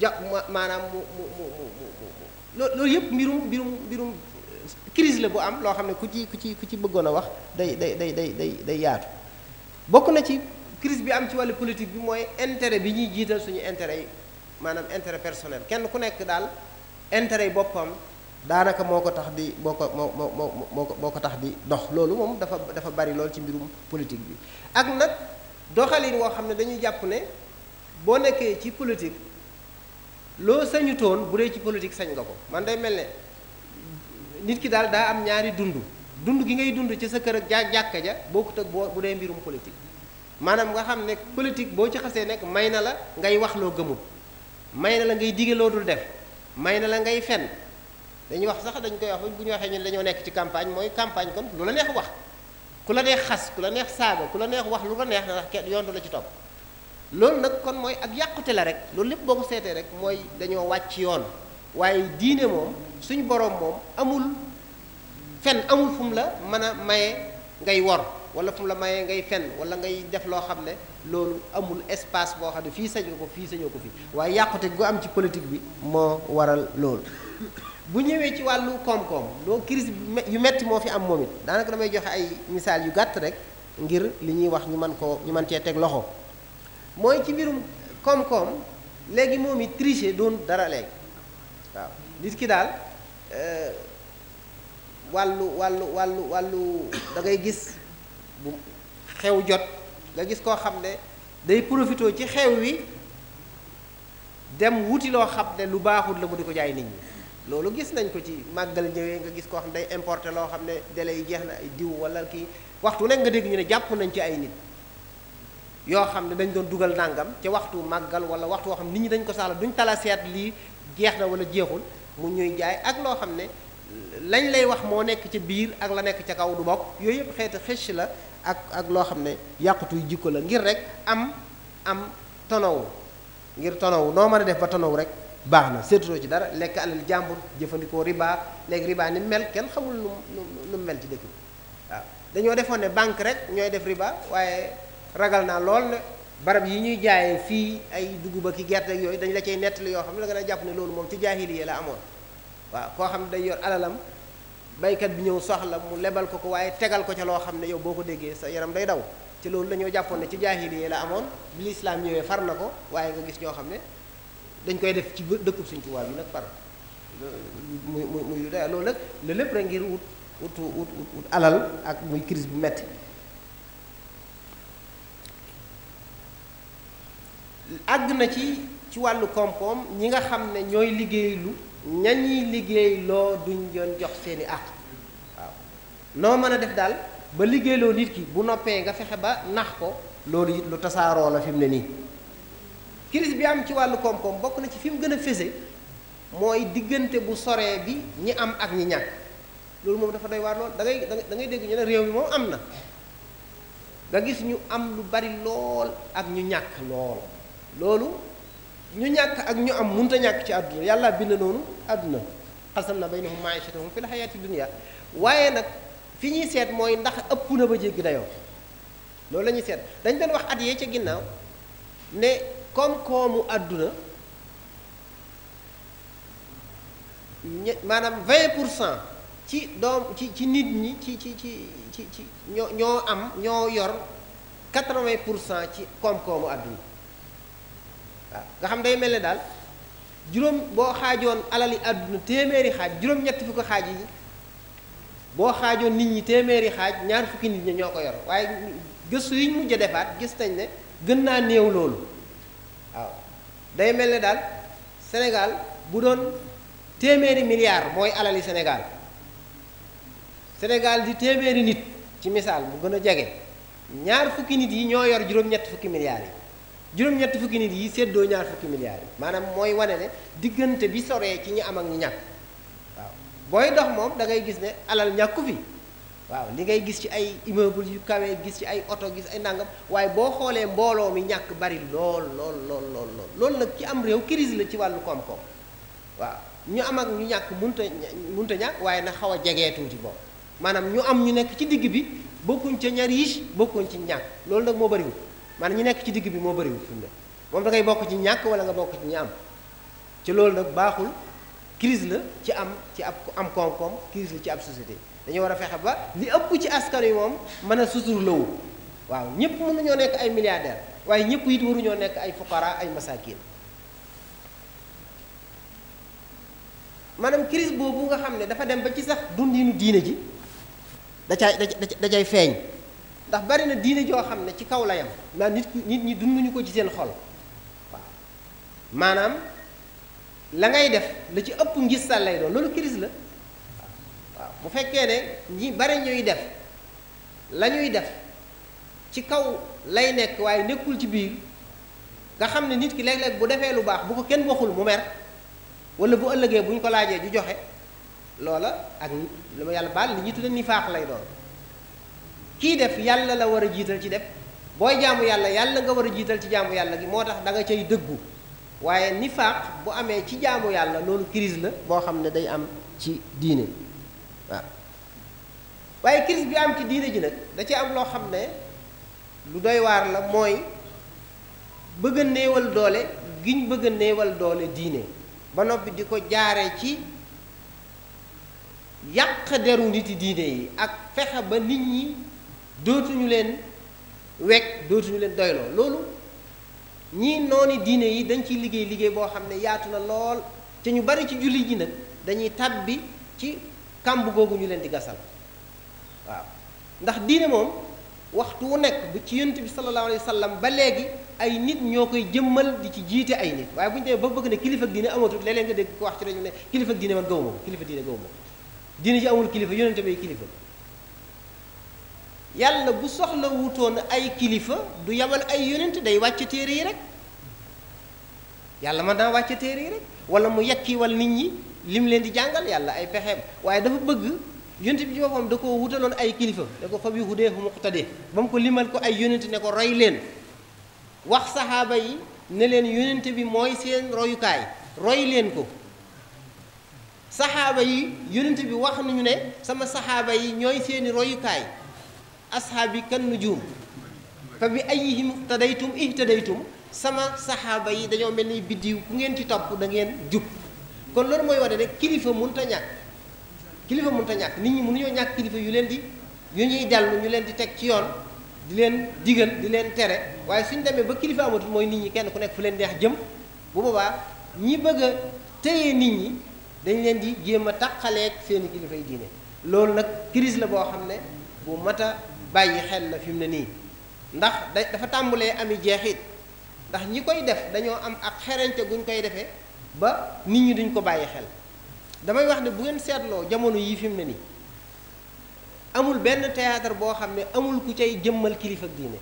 jox maanaam mu mu mu mu loolu yëpp mbirum mbirum mbirum crise la bu am loo xam ne ku ci ku ci ku ci bëggoon a wax day day day day day day yaatu bokk na ci crise bi am ci wàllu politique bi mooy intérêt bi ñuy jiital suñu intérêt yi maanaam intérêt personnel kenn ku nekk daal intérêt yi boppam daanaka moo ko tax di moo ko moo moo moo moo ko tax di dox loolu moom dafa dafa bari lool ci mbirum politique bi ak nag doxalin woo xam ne dañuy jàpp ne boo nekkee ci politique loo sañutoon bu dee ci politique sañ nga ko man day mel ne nit ki daal daa am ñaari dund dund gi ngay dund ci sa kër ak ja jàkka ja bokkut ak boo bu dee mbirum politique maanaam nga xam ne politique boo ci xasee nekk may na la ngay wax loo gëmul may na la ngay dige loo dul def may na la ngay fen dañu wax sax dañ koy wax bu ñu waxee ñun dañoo nekk ci campagne mooy campagne kon lu la neex wax ku la neex xas ku la neex saaga ku la neex wax lu ko neex ndax kenn yoon du la ci topp loolu nag kon mooy ak yàqute la rek loolu lépp boo seetee rek mooy dañoo wàcc yoon waaye diine moom suñu boroom moom amul fen amul fu la mën a maye ngay wor walla fu la maye ngay fen wala ngay def loo xam ne loolu amul espace boo xam ne fii sañ ko fii sañoo ko fii waaye yàqute gu am ci politique bi moo waral loolu bu ñëwee ci wàllu koom-koom loo crise yu metti moo fi am moom it daanaka damay joxe ay misaal yu gàtt rek ngir li ñuy wax ñu mën koo ñu mën cee teg loxo mooy ci mbirum koom-koom léegi moom it tricher doon dara léegi waaw nit ki daal Euh, wàllu wàllu wàllu wàllu da ngay gis bu xew jot nga gis koo xam ne day profité ci xew wi dem wuti loo xam ne lu baaxul la mu di ko jaay nit ñi loolu gis nañ ko ci màggal ñëwee nga gis koo xam ne day importé loo xam ne délai yi jeex na ay diw wala kii waxtu nekk nga dégg ñu ne jàpp nañ ci ay nit yoo xam ne dañ doon dugal nàngam ca waxtu màggal wala waxtu woo xam ne nit ñi dañ ko saxla duñ tala seet lii jeex na wala jeexul mu ñuy jaay ak loo xam ne lañ lay wax moo nekk ca biir ak la nekk ca kaw du bokk yooyu yëpp xeeti xëcc la ak ak loo xam ne yàqutuy jikko la ngir rek am am tonowu ngir tonowu noo mën a def ba tonowu rek baax na seetutoo ci dara lekk alal jàmbur jëfandikoo riba léegi riba ni mel kenn xamul nu nu mel ci dëkk bi waaw dañoo defoon ne banque rek ñooy def riba waaye ragal naa lool ne barab yi ñuy jaayee fii ay dugub ak i gerte ak yooyu dañ la cay nettali yoo ne da nga jàpp ne loolu moom ci jaahiliya la amoon waaw koo xam ne day yor alalam baykat bi ñëw soxla mu lebal ko ko waaye tegal ko ca loo xam ne yow boo ko déggee sa yaram day daw ci loolu lañoo jàppoon ne ci jaahiliya la amoon bi lislaam ñëwee far na ko waaye nga gis ñoo xam ne dañ koy def ci dëkkub Sëñ waa bi nag far muy muy muy loolu nag la lépp rek ngir wut wut wut wut alal ak muy crise bu metti àgg na ci ci wàllu koom-koom ñi nga xam ne ñooy liggéeylu ñañuy liggéey loo duñ yoon jox seeni àq waaw noo mën a def daal ba liggéeyloo nit ki bu noppee nga fexe ba nax ko loolu it lu tasaaroo la fi ne nii kiris bi am ci wàllu koom-koom bokk na ci fi mu gën a fese mooy diggante bu soree bi ñi am ak ñi ñàkk loolu moom dafa doy waar lool da ngay dégg ñu ne réew mi moom am na nga gis ñu am lu bari lool ak ñu ñàkk lool loolu ñu ñàkk ak ñu am mënut ñàkk ci àdduna yàlla bind noonu àdduna xasam na baynahum maichatahum fi l xayaati dunia waaye nag fi ñuy seet mooy ndax ëpp na ba jéggi dayoo loolu lañuy seet dañ doon wax at yee ca ginnaaw ne koom-koomu àdduna maanaam 20 pour cent ci doom ci ci nit ñi ci ci ci ci ci ñoo ñoo am ñoo yor 80 pour cent ci koom-koomu àdduna waaw nga xam day mel ni daal juróom boo xaajoon alali àdduna téeméeri xaaj juróom-ñetti fukki xaaj yi boo xaajoon nit ñi téeméeri xaaj ñaar fukki nit ñi ñoo ko yor waaye gëstu yi ñu mujj defaat gis nañ ne gën naa néew loolu waaw day mel ni daal Sénégal bu doon téeméeri milliards mooy alali Sénégal Sénégal di téeméeri nit ci misaal mu gën a jege ñaar fukki nit yi ñoo yor juróom-ñetti fukki milliards yi. juróom-ñetti fukki nit yi séddoo ñaar fukki milliards yi maanaam mooy wane ne diggante bi soree ci ñi am ak ñi booy dox moom da ngay gis ne alal ñàkku fi waaw li ngay gis ci ay immeuble yu kawee gis ci ay oto gis ndàngam waaye boo xoolee mbooloo mi ñàkk bari lool lool nag ci am réew crise la ci wàllu koom waaw ñu am ak ñu ñàkk munta munta waaye na xaw a jegee tuuti boobu maanaam ñu am ñu nekk ci digg bi bokkuñ ca ña riche bokkuñ ci ñàkk loolu nag moo bariwul maanaam ñi nekk ci digg bi moo bëriwul fi mu ne moom da bokk ci ñàkk wala nga bokk ci ñaam ci loolu nag baaxul crise la ci am ci ab am koom-koom crise la ci ab société dañoo war a fexe ba li ëpp ci askan wi moom mën a suturlawu waaw ñëpp mënuñoo nekk ay milliardaire waaye ñëpp it waruñoo nekk ay fuqara ay masakin maanaam crise boobu nga xam ne dafa dem ba ci sax dundinu diine ji da cay da cay feeñ ndax bari na diine joo xam ne ci kaw la yam maanaam nit nit ñi ñu ko ci seen xol waaw maanaam la ngay def la ci ëpp ngis sal lay doon loolu crise la waaw bu fekkee ne ñi bari ñuy def la ñuy def ci kaw lay nekk waaye nekkul ci biir nga xam ne nit ki lekk léeg bu defee lu baax bu ko kenn waxul mu mer wala bu ëllëgee buñ ñu ko laajee ju joxe loola ak li ma yàlla baal li ñuy tudde ni faax lay doon kii def yàlla la war a jiital ci def booy jaamu yàlla yàlla nga war a jiital ci jaamu yàlla gi moo tax da nga cay dëggu waaye nifaaq bu amee ci jaamu yàlla loolu crise la boo xam ne day am ci diine waaw waaye crise bi am ci diine ji nag da ci am loo xam ne lu doy waar la mooy bëgg néewal doole giñ bëgg a néewal doole diine ba noppi di ko jaare ci yàq deru niti diine yi ak fexe ba nit ñi dootuñu leen wekk dootuñu leen doyloo loolu ñii nooni diine yi dañ ciy liggéey liggéey boo xam ne yaatu na lool te ñu bari ci julli ji nag dañuy bi ci kàmb googu ñu leen di gasal waaw ndax diine moom waxtu wu nekk bu ci yonent bi sallallahu alayhi wa sallam ba léegi ay nit ñoo koy jëmmal di ci jiite ay nit waaye bu ñu demee ba bëgg ne kilifa diine amatul léeg-léeg nga dégg ci rajo ne kilifa diine man gawma ko kilifa diine gawma ko diine ji amul kilifa yàlla bu soxla wutoon ay kilifa du yabal ay yonent day wàcc téere yi rek yàlla mën daa wàcce téere yi rek wala mu yekkiwal nit ñi lim leen di jàngal yàlla ay pexeem waaye dafa bëgg yonent bi ci da ko wutaloon ay kilifa da ko fabi hudee fu muqtadee ba mu ko limal ko ay yonent ne ko roy leen wax saxaaba yi ne leen yonent bi mooy seen royukaay roy leen ko saxaaba yi yonent bi wax nañu ne sama saxaaba yi ñooy seeni royukaay ashaabi kan nujum fa bi ayihim iqtadaytum ihtadaytum sama saxaaba yi dañoo mel ni biddiw ku ngeen ci topp dangeen ngeen jub kon loolu mooy wane ne kilifa mënut a ñàkk kilifa mënut a ñàkk nit ñi mënuñoo ñàkk kilifa yu leen di yu ñuy dellu ñu leen di teg ci yoon di leen digal di leen tere waaye suñ demee ba kilifa amatul mooy nit ñi kenn ku nekk fu leen neex jëm bu boobaa ñi bëgg a téye nit ñi dañ leen di jéem a taqaleeg seeni kilifa yi diine loolu nag crise la boo xam ne bàyyi xel na fi mu ne nii ndax da dafa tàmbulee ami jeexit ndax ñi koy def dañoo am ak xerañte guñ koy defee ba nit ñi duñ ko bàyyi xel damay wax ne bu ngeen seetloo jamono yii fi mu ne nii amul benn théâtre boo xam ne amul ku cay jëmmal kilifa diine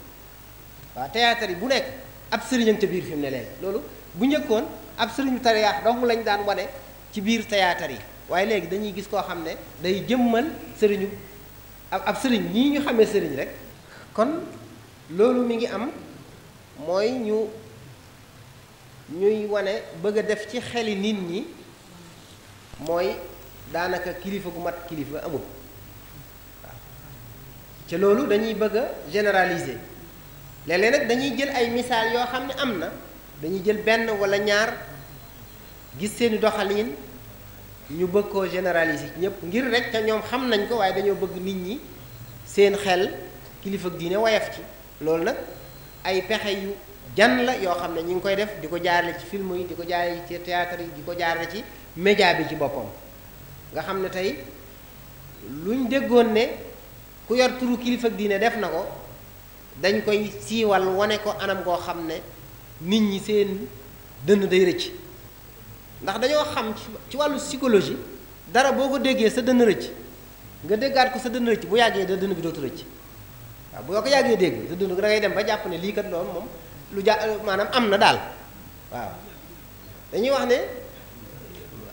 waaw théâtre yi bu nekk ab sëriñam ca biir fi ne léegi loolu bu njëkkoon ab sëriñu tariyaax dong lañ daan wane ci biir teyaatar yi waaye léegi dañuy gis koo xam ne day jëmmal sëriñu ab ab sëriñ ñii ñu xamee sëriñ rek kon loolu mi ngi am mooy ñu ñuy wane bëgg a def ci yi nit ñi mooy daanaka kilifa gu mat kilifa amul waaw ca loolu dañuy bëgg a généraliser nag dañuy jël ay misaal yoo xam ne am na dañuy jël benn walla ñaar gis seeni doxalin ñu bëgg koo généraliser yi ñëpp ngir rek ñoom xam nañ ko waaye dañoo bëgg nit ñi seen xel kilifa diine wayaf ci loolu nag ay pexe yu jan la yoo xam ne ñu ngi koy def di ko jaare ci film yi di ko jaarale ci théâtre yi di ko jaarale ci média bi ci boppam nga xam ne tey luñ déggoon ne ku yor turu kilifa diine def na ko dañ koy siiwal wane ko anam goo xam ne nit ñi seen dënn day rëcc ndax dañoo xam ci wàllu psychologie dara boo ko déggee sa dënn rëcc nga déggaat ko sa dënn rëcc bu yàggee da dënn bi dootu rëcc waaw boo ko yàggee dégg sa dënn da ngay dem ba jàpp ne lii kat loolu moom lu ja maanaam am na daal waaw dañuy wax ne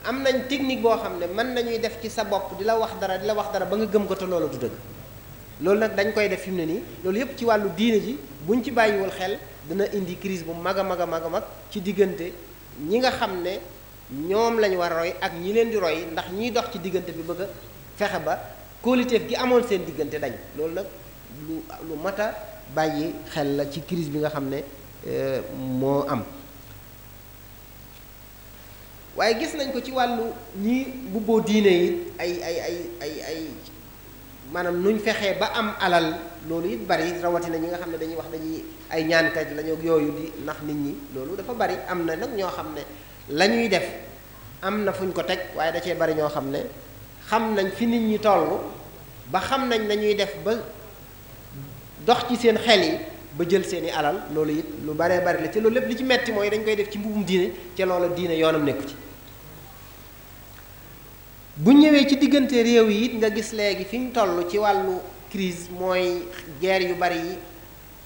am nañ technique boo xam ne mën nañuy def ci sa bopp di la wax dara la wax ba nga gëm ko te loolu du dëgg loolu nag dañ koy def fi mu ne nii loolu yëpp ci wàllu diine ji ñu ci bàyyiwul xel dana indi crise bu mag a mag a mag a mag ci diggante ñi nga xam ne ñoom lañu war a roy ak ñi leen di roy ndax ñiy dox ci diggante bi bëgg fexe ba kóoliteef gi amoon seen diggante dañ loolu nag lu lu mat a bàyyi xel la ci crise bi nga xam ne euh, moo am waaye gis nañ ko ci wàllu ñi mbubboo diine yi ay ay ay ay ay maanaam nuñ fexe ba am alal loolu it bari rawatina ñi nga xam ne dañuy wax dañuy ay ñaankat lañu yooyu di ndax nit ñi loolu dafa bari am na nag ñoo xam ne lañuy def am na fuñ ko teg waaye da cee bari ñoo xam ne xam nañ fi nit ñi toll ba xam nañ nañuy def ba dox ci seen xel yi ba jël seeni alal loolu it lu baree bari la ci loolu lépp li ci metti mooy dañ koy def ci mbubum diine ca loolu diine yoonam nekku ci bu ñëwee ci diggante réew yi it nga gis léegi fi ñu toll ci wàllu crise mooy guerre yu bari yi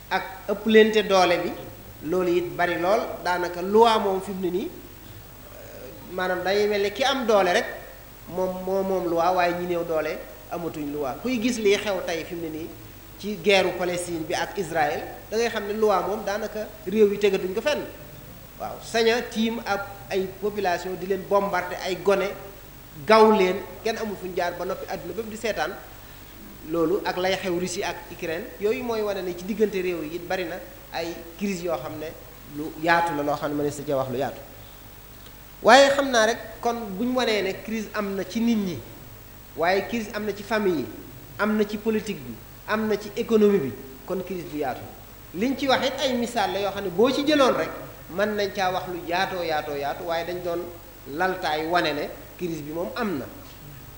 ak ëpp ëpplante doole bi loolu it bari lool daanaka loi moom fi mu nii maanaam day mel ne ki am doole rek moom moo moom loi waaye ñi néew doole amatuñ loi kuy gis lii xew tey fi mu ne nii ci geeru Palestine bi ak Israël dangay xam ne loi moom daanaka réew yi tegatuñ ko fenn waaw saña tiim ak ay population di leen bombarder ay gone gaw leen kenn amul fuñ jaar ba noppi àdduna bépp di seetaan loolu ak lay xew Russie ak Ukraine yooyu mooy wane ne ci diggante réew yi it bari na ay crise yoo xam ne lu yaatu la loo xam ne mënees na wax lu yaatu waaye xam naa rek kon bu ñu wanee ne crise am na ci nit ñi waaye crise am na ci famille yi am na ci politique bi am na ci économie bi kon crise bi yaatu liñ ci wax it ay misaal la yoo xam ne boo ci jëloon rek mën nañ caa wax lu yaatoo yaatoo yaatu waaye dañ doon laltaay wane ne crise bi moom am na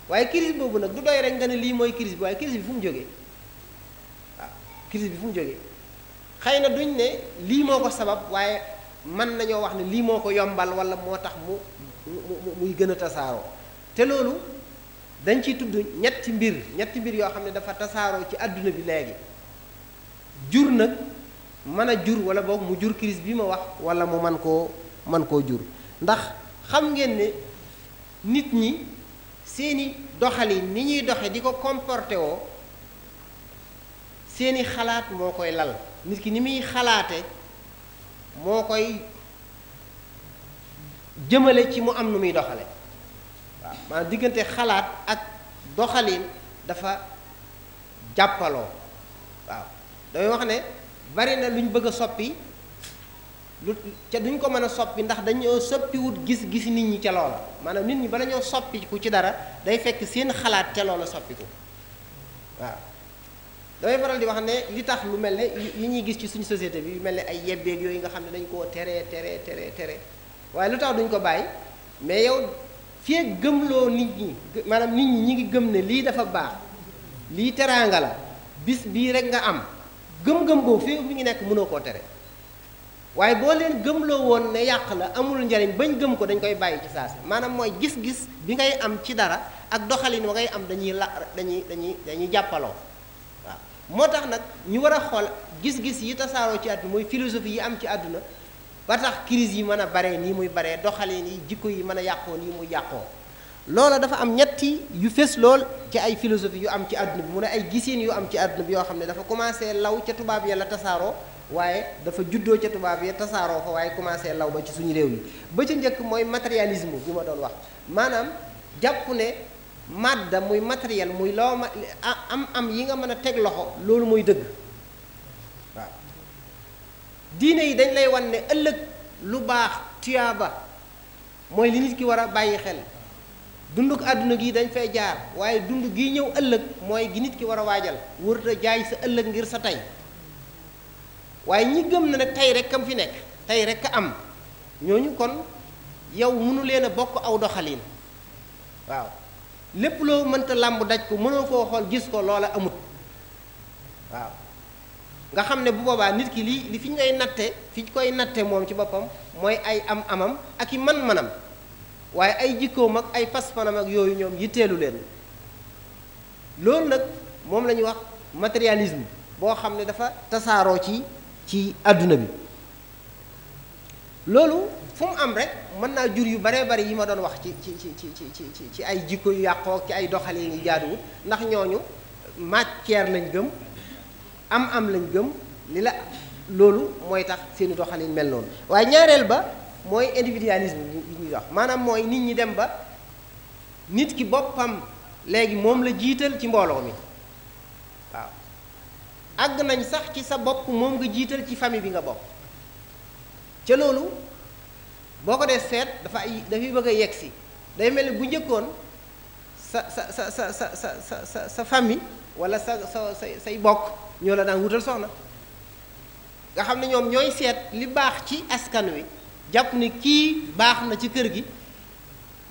waaye crise boobu nag du doy rek nga ne lii mooy crise bi waaye crise bi fu mu jógee kiris ah, crise bi fu mu jógee xëy na duñ ne lii moo ko sabab waaye mën nañoo wax ne lii moo ko yombal wala moo tax mu muy gën a tasaaroo te loolu dañ ciy tudd ñetti mbir ñetti mbir yoo xam ne dafa tasaaroo ci àdduna bi léegi jur nag mën a jur wala boog mu jur crise bi ma wax wala mu man koo man koo jur ndax xam ngeen ne nit ñi seeni doxalin ni ñuy doxe di ko comporté woo seeni xalaat moo koy lal nit ki ni muy xalaate moo koy jëmale ci mu am nu muy doxale waaw maanaam diggante xalaat ak doxalin dafa jàppaloo waaw damay wax ne bari na luñ bëgg a soppi lu ca duñ ko mën a soppi ndax dañoo soppiwut gis-gis nit ñi ca loola maanaam nit ñi bala ñoo soppiku ci dara day fekk seen xalaat ca loola soppiku waaw damay faral di wax ne li tax lu mel ne yi ñuy gis ci suñu société bi yu mel ne ay yebbeeg yooyu nga xam ne dañ koo tere tere tere tere waaye lu tax duñ ko bàyyi mais yow fii ak gëmloo nit ñi maanaam nit ñi ngi gëm ne lii dafa baax lii teraanga la bis bii rek nga am gëm-gëm boobu fii mi ngi nekk mënoo koo tere waaye boo leen gëmloo woon ne yàq la amul njariñ bañ gëm ko dañ koy bàyyi ci saa si maanaam mooy gis-gis bi ngay am ci dara ak doxalin wa ngay am dañuy la dañuy dañuy dañuy jàppaloo moo tax nag ñu war a xool gis-gis yi tasaaroo ci àdduna mooy philosophie yi am ci àdduna ba tax crise yi mën a baree nii muy baree doxaleen yi jikko yi mën a yàqoo nii muy yàqoo loola dafa am ñetti yu fës lool ci ay philosophie yu am ci àdduna bi mu ne ay gisiin yu am ci àdduna bi yoo xam ne dafa commencé law ca tubaab ya la tasaaroo waaye dafa juddoo ca tubaab ya tasaaroo ko waaye commencé law ba ci suñu réew yi ba ca njëkk mooy matérialisme bi ma doon wax maanaam jàpp ne madda muy matériel muy loo ma am am yi nga mën a teg loxo loolu mooy dëgg waaw diine yi dañ lay wan ne ëllëg lu baax tuyaaba mooy li nit ki war a bàyyi xel dunduk àdduna gi dañ fay jaar waaye dund gi ñëw ëllëg mooy gi nit ki war a waajal wërta jaay sa ëllëg ngir sa tey waaye ñi gëm na ne tey rek am fi nekk tey rek a am ñooñu kon yow mënu leen a bokk aw doxaliin waaw lépp loo mënta làmb daj ko mënoo koo xool gis ko loola amut waaw nga xam ne bu boobaa nit ki lii li fi ñu koy natte fi koy natte moom ci boppam mooy ay am amam ak i man-manam waaye ay jikkoom ak ay pas-panam ak yooyu ñoom yitteelu leen loolu nag moom la wax matérialisme boo xam ne dafa tasaaroo ci ci àdduna bi loolu fu mu am rek mën naa jur yu baree bari yi ma doon wax ci ci ci ci ci ci ay jikko yu yàqoo ci ay doxalin yu jaaduwut ndax ñooñu matière lañ gëm am am lañ gëm li la loolu mooy tax seeni doxalin mel noonu waaye ñaareel ba mooy individualisme bi ñuy wax maanaam mooy nit ñi dem ba nit ki boppam léegi moom la jiital ci mbooloo mi waaw àgg nañ sax ci sa bopp moom nga jiital ci famille bi nga bokk ca loolu boo ko dee seet dafa ay dafay bëgg a yegg si day mel ni bu njëkkoon sa sa sa sa sa sa sa sa famille wala sa sa say say bokk ñoo la daan wutal soxna nga xam ne ñoom ñooy seet li baax ci askan wi jàpp ni kii baax na ci kër gi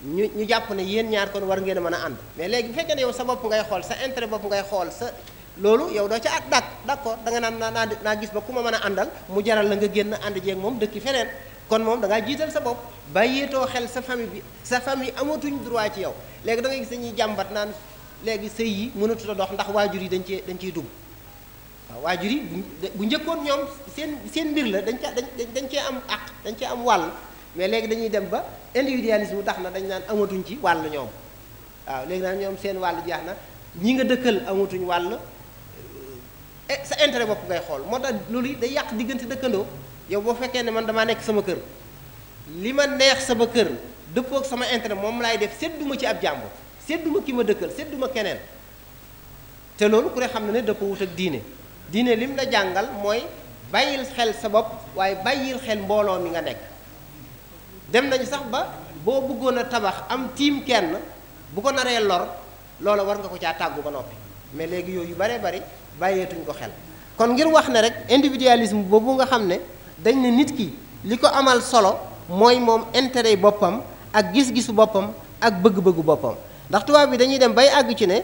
ñu ñu jàpp ne yéen ñaar kon war ngeen mën a ànd mais léegi bu fekkee ne yow sa bopp ngay xool sa intere bopp ngay xool sa loolu yow doo ca at d' accord da nga naan naa naa gis ba ku ma mën a àndal mu jaral la nga génn ànd jeeg moom dëkki feneen. kon moom da jiital sa bopp bàyyeetoo xel sa famille bi sa famille amatuñ droit ci yow léegi da ngay gis dañuy jàmbat naan léegi sëy yii mënatut a dox ndax waajur yi dañ cee dañ ciy dugg waaw waajur yi bu njëkkoon ñoom seen seen mbir la dañ ca dañ cee am àq dañ cee am wàll mais léegi dañuy dem ba individualisme tax na dañ naan amatuñ ci wàll ñoom waaw léegi naan ñoom seen wàll jeex na ñi nga dëkkal amatuñ wàll eh, sa intere bopp ngay xool moo tax loolu yi day yàq diggante dëkkandoo yow boo fekkee ne man damaa nekk sama kër li ma neex sama kër dëppoo sama intérêt moom laay def sédduma ci ab jàmbur sédduma ki ma dëkkal sédduma keneen te loolu ku ne xam na ne dëppoo wut ak diine diine li lim la jàngal mooy bàyyil xel sa bopp waaye bàyyil xel mbooloo mi nga nekk dem nañu sax ba boo bëggoon a tabax am tiim kenn bu ko naree lor loola war nga ko caa tàggu ba noppi mais léegi yooyu yu bare bari bàyyeetuñ ko xel kon ngir wax ne rek individualisme boobu nga xam ne dañ ne nit ki li ko amal solo mooy moom intérêt boppam ak gis-gisu boppam ak bëgg-bëggu boppam ndax tubaab bi dañuy dem bay àgg ci ne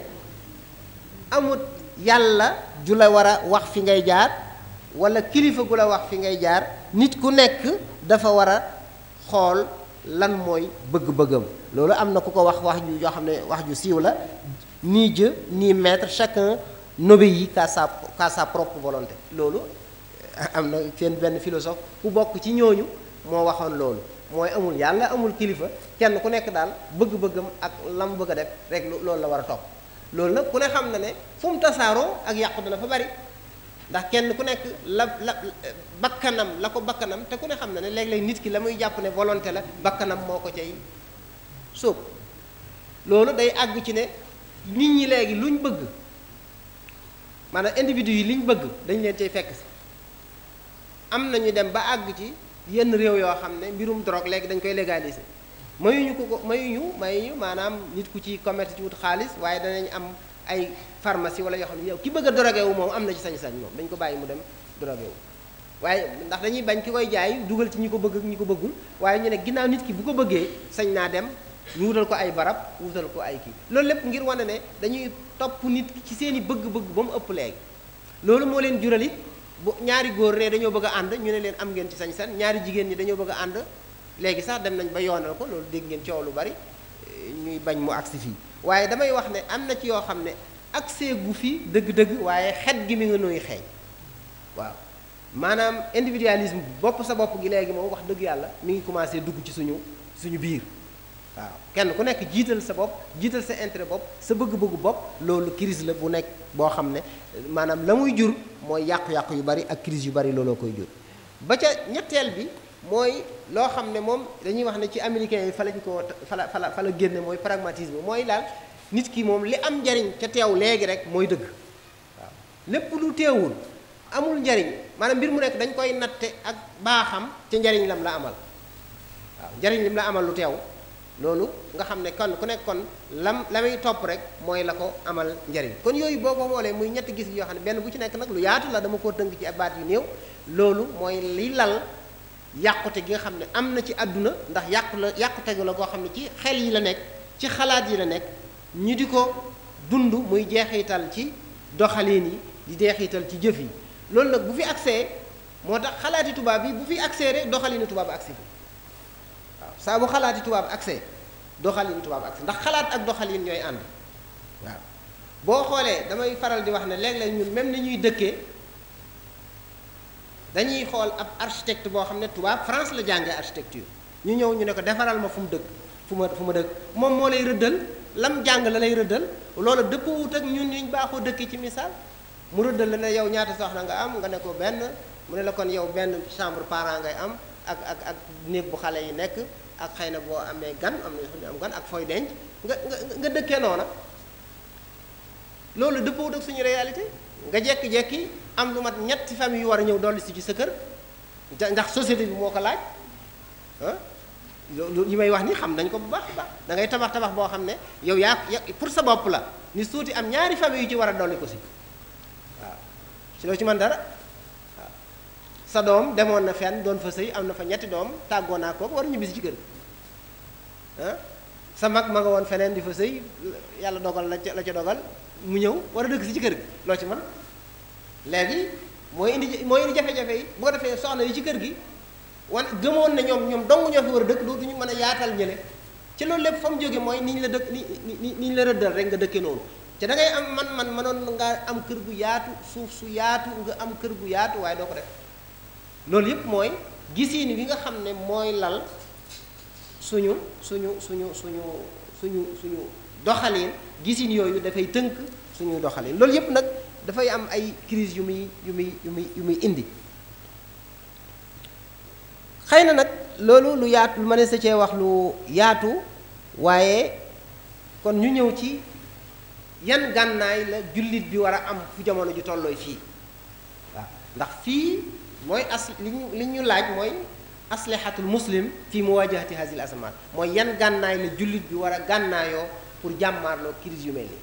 amut yàlla ju la war a wax fi ngay jaar wala kilifa gu la wax fi ngay jaar nit ku nekk dafa war a xool lan mooy bëgg-bëggam loolu am na ku ko wax wax ju yoo xam ne wax ju siiw la ni jë ni maître chaque n'obéit qu'à sa qu'à sa propre volonté loolu am na seen benn philosophe bu bokk ci ñooñu moo waxoon loolu mooy amul yàlla amul kilifa kenn ku nekk daal bëgg-bëggam ak lam bëgg a def rek loolu la war a topp loolu nag ku ne xam na ne fu mu tasaaroo ak yàqu na fa bari ndax kenn ku nekk la la bakkanam la ko bakkanam te ku ne xam na ne léeg-léeg nit ki la muy jàpp ne volonté la bakkanam moo ko cay sóob loolu day àgg ci ne nit ñi léegi luñ bëgg maanaam individu yi liñ bëgg dañ leen cay fekk si am na ñu dem ba àgg ci yenn réew yoo xam ne mbirum drogue léegi dañ koy légaliser mayuñu ko ko mayuñu mayuñu maanaam nit ku ci commerce ci wut xaalis waaye danañ am ay pharmacie wala yoo xam ne yow ki bëgg a wu moom am na ci sañ-sañ moom dañ ko bàyyi mu dem drogué waaye ndax dañuy bañ ki koy jaay dugal ci ñi ko bëgg ak ñi ko bëggul waaye ñu ne ginnaaw nit ki bu ko bëggee sañ naa dem ñu wutal ko ay barab wutal ko ay kii loolu lépp ngir wane ne dañuy topp nit ci seen i bëgg-bëgg ba mu ëpp léegi loolu moo leen jural bu ñaari góor ne dañoo bëgg a ànd ñu ne leen am ngeen ci sañ-sañ ñaari jigéen ñi dañoo bëgg ànd léegi sax dem nañ ba yoonal ko loolu dégg ngeen coow lu bari eh, ñuy bañ mu agsi fii waaye damay wax ne am na ci yoo xam ne agsee gu fi dëgg-dëgg waaye xet gi mi nga nuy xeeñ waaw maanaam individualisme bopp sa bopp gi léegi moom wax dëgg yàlla mu ngi commencé dugg ci suñu suñu biir waaw kenn ku nekk jiital sa bopp jiital sa intérêt bopp sa bëgg-bëggu bopp loolu crise la bu nekk boo xam ne la muy jur mooy yàqu-yàqu yu bari ak crise yu bari looloo koy jur ba ca ñetteel bi mooy loo xam ne moom dañuy wax ne ci américain yi fa lañ ko fa la fa la fa génne mooy pragmatisme mooy daal nit ki moom li am njariñ ca teew léegi rek mooy dëgg waaw lépp lu teewul amul njariñ maanaam mbir mu nekk dañ koy natte ak baaxam ca njariñ lam la amal waaw njariñ lim la amal lu teew loolu nga xam ne kon ku nekk kon lam la muy topp rek mooy la ko amal njariñ kon yooyu boo ko xoolee muy ñetti gis yoo xam ne benn bu ci nekk nag lu yaatu la dama koo tënk ci abaat yu néew loolu mooy li lal yàqute gi nga xam ne am na ci àdduna ndax yàqu la yàqu tegu la koo xam ne ci xel yi la nekk ci xalaat yi la nekk ñi di ko dund muy jeexital ci doxalin yi di jeexital ci jëf yi loolu nag bu fi agsee moo tax xalaati tubaab bi bu fi agsee rek doxalinu tubaab saa bu xalaati tubaab accès doxalin tubaab accès ndax xalaat ak doxalin ñooy ànd waaw boo xoolee damay faral di wax ne léeg-léeg ñun même ñuy dëkkee dañuy xool ab architecte boo xam ne tubaab France la jàngee architecture ñu ñëw ñu ne ko defaral ma fu mu dëkk fu ma fu ma dëkk moom moo lay rëddal lam jàng la lay rëddal loolu dëpp wut ak ñun ñu baaxoo dëkkee ci misaal mu rëddal la ne yow ñaata na nga am nga ne ko benn mu ne la kon yow benn chambre parent ngay am ak ak ak néeg bu xale yi nekk ak xëy na boo amee gan am na ñoo xam ne am gan ak fooy denc nga nga nga dëkkee noona loolu dëppoo ak suñu réalité nga jekki-jekki am lu mat ñetti fami yu war a ñëw dolli si ci sa kër ndax société bi moo ko laaj ah yi may wax ni xam nañ ko bu baax baax da ngay tabax tabax boo xam ne yow yaa pour sa bopp la ni suuti am ñaari famille yu ci war a dolli ko si waaw si loo ci mën dara sa doom demoon na fenn doon fa sëy am na fa ñetti doom tàggoo naa kooku war ñu bis ci kër ah sa mag ma nga woon feneen di fa sëy yàlla dogal la ca la ca dogal mu ñëw war a dëkk si ci kër gi loo ci man léegi mooy indi mooy indi jafe-jafe yi defee soxna yi ci kër gi wan gëmoon na ñoom ñoom dong ñoo fi war a dëkk ñu mën a yaatal ñële ci loolu lépp fa mu jóge mooy ni ñu la dëkk ni ni ñu la rëddal rek nga dëkkee noonu te da am man man mënoon ngaa am kër gu yaatu suuf su yaatu nga am kër gu yaatu waaye doo ko def loolu yëpp mooy gisiin wi nga xam ne mooy lal suñu suñu suñu suñu suñu suñu doxaliin gisiin yooyu dafay tënk suñu doxalin loolu yëpp nag dafay am ay crise yu muy yu muy yu muy yu muy indi xëy na nag loolu lu yaatu lu ma ne sa cee wax lu yaatu waaye kon ñu ñëw ci yan gànnaay la jullit bi war a am fu jamono ju tollooy fii waaw ndax fii mooy as li ñu li ñu laaj mooy aslihatul muslim fi muwajahati hazil azamat mooy yan gànnaay la jullit bi war a gànnaayoo pour jàmmaarloo crise yu mel nii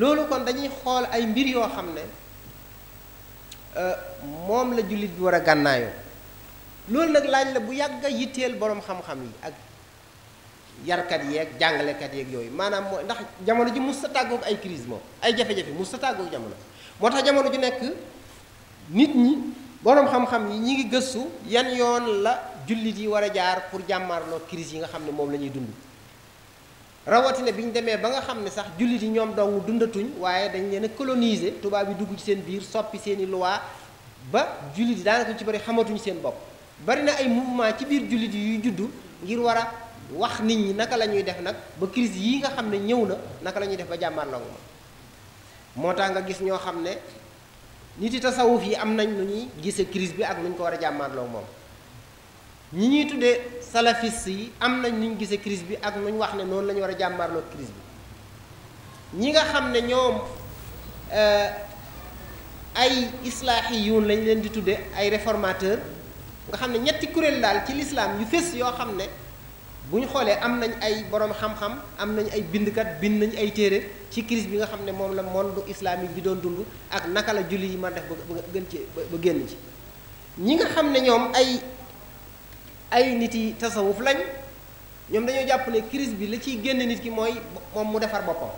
loolu kon dañuy xool ay mbir yoo xam ne euh, moom la jullit bi war a gànnaayoo loolu nag laaj la bu yàgg a yitteel boroom xam-xam yi ak yarkat yeeg jàngalekat yeeg yooyu maanaam mooy ndax jamono ji mus sa tàggoog ay crise moom ay jafe-jafe mus sa tàggoog jamono moo tax jamono ju nekk nit ñi boroom xam-xam yi ñi ngi gëstu yan yoon la jullit yi war a jaar pour jàmmarloo crise yi nga xam ne moom lañuy ñuy dund rawatina bi ñu demee ba nga xam ne sax jullit yi ñoom dong dundatuñ waaye dañ leen a coloniser tubaab yi dugg ci seen biir soppi seeni loi ba jullit yi daanaka ci bari xamatuñ seen bopp bari na ay mouvement ci biir jullit yuy juddu ngir war a wax nit ñi naka la ñuy def nag ba crise yi nga xam ne ñëw na naka la ñuy def ba jàmmarloo moom nga gis ñoo xam ne nit yi tasawuf yi am nañ lu ñuy gise crise bi ak lu ñu ko war a jàmmaarloo moom ñi ñuy tuddee salafiste yi am nañ nu ñu gisee crise bi ak nu ñu wax ne noonu la ñu war a jàmmaarloo crise bi ñi nga xam ne ñoom euh, ay yoon lañ leen di tuddee ay réformateur nga xam ne ñetti kuréel daal ci lislaam yu fés yoo xam ne bu ñu xoolee am nañ ay boroom xam-xam am nañ ay bindkat bind nañ ay téere ci crise bi nga xam ne moom la monde islamique bi doon dund ak naka la julli yi man def ba gën ci ba génn ci ñi nga xam ne ñoom ay ay nit yi tasawuf lañ ñoom dañoo jàpp ne crise bi la ciy génn nit ki mooy moom mu defar boppam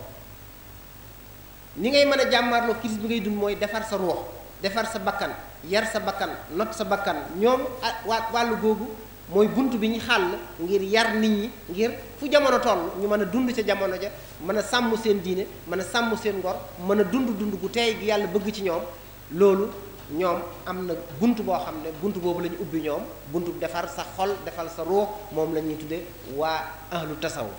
ni ngay mën a jàmmaarloo crise bi ngay dund mooy defar sa ruux defar sa bakkan yar sa bakkan not sa bakkan ñoom ah, wàll googu mooy bunt bi ñu xàll ngir yar nit ñi ngir fu jamono toll ñu mën a dund ca jamono ja mën a sàmm seen diine mën a sàmm seen ngor mën a dund dund gu tey gi yàlla bëgg ci ñoom loolu ñoom am na bunt boo xam ne bunt boobu la ñu ubbi ñoom bu defar sa xol defal sa ruux moom la ñuy tuddee waa ahlu tasawuf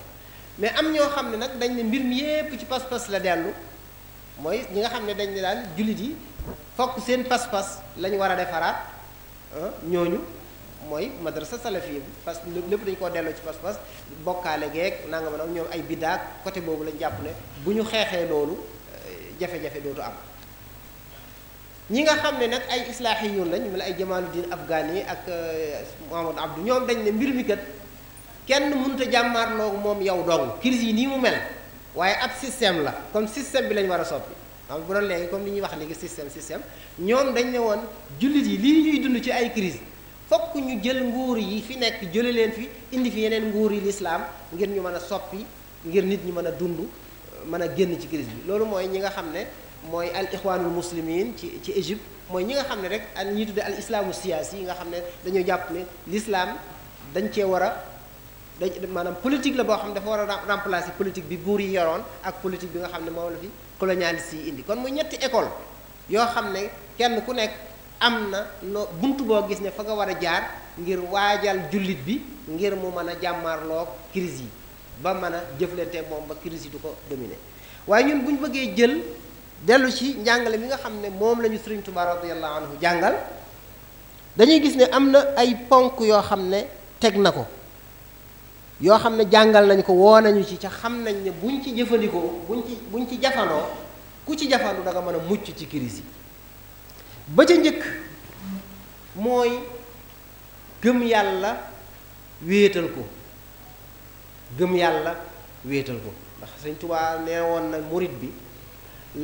mais am ñoo xam ne nag dañ ne mbir mi yépp ci pas-pas la dellu mooy ñi nga xam ne dañ ne daal jullit yi seen pas-pas war a defaraat ah, ñooñu mooy madrasa salafiya bi parce que lépp dañu koo delloo ci pas-pas bokkaale geeg nanga ma ñoom ay biddaag côté boobu lañ jàpp ne bu ñu xeexee loolu euh, jafe-jafe dootu am ñi nga xam ne nag ay islaahiyuun lañ mel ay Jamaaluddin Afghani yi ak euh, Mohamed Abdou ñoom dañ ne mbir mi kat kenn mënut a jàmmaarloo moom yow dong crise yi nii mu mel waaye ab système la comme système bi lañ war a soppi xam bu doon léegi comme li ñuy wax léegi système système ñoom dañ ne woon jullit yi lii ñuy dund ci ay crise fokk ñu jël nguur yi fi nekk jële leen fi indi fi yeneen nguur yi lislaam ngir ñu mën a soppi ngir nit ñi mën a dund mën a génn ci crise bi loolu mooy ñi nga xam ne mooy al ixwaanul muslimin ci ci Égypte mooy ñi nga xam ne rek al ñi tudde al islaamu siyaasi yi nga xam ne dañoo jàpp ne lislaam dañ cee war a dañ maanaam politique la boo xam ne dafa war a remplacer politique bi buur yi yoroon ak politique bi nga xam ne moom la fi colonialiste yi indi kon muy ñetti école yoo xam ne ku nekk am na loo bunt boo gis ne fa nga war a jaar ngir waajal jullit bi ngir mu mën a jàmmarloog crise yi ba mën a jëflante moom ba crise yi du ko dominer waaye ñun bu ñu bëggee jël dellu ci njàngale mi nga xam ne moom la ñu Sëriñ Tuubaa radiyallahu anhu jàngal dañuy gis ne am na ay ponk yoo xam ne teg na ko yoo xam ne jàngal nañ ko woo nañu ci ca xam nañ ne buñ ci jëfandikoo buñ ci buñ ci jafanoo ku ci jafandu da nga mën a mucc ci crise yi ba ca njëkk mooy gëm yàlla wéetal ko gëm yàlla wéetal ko ndax sëñ Tuubaa nee woon na murit bi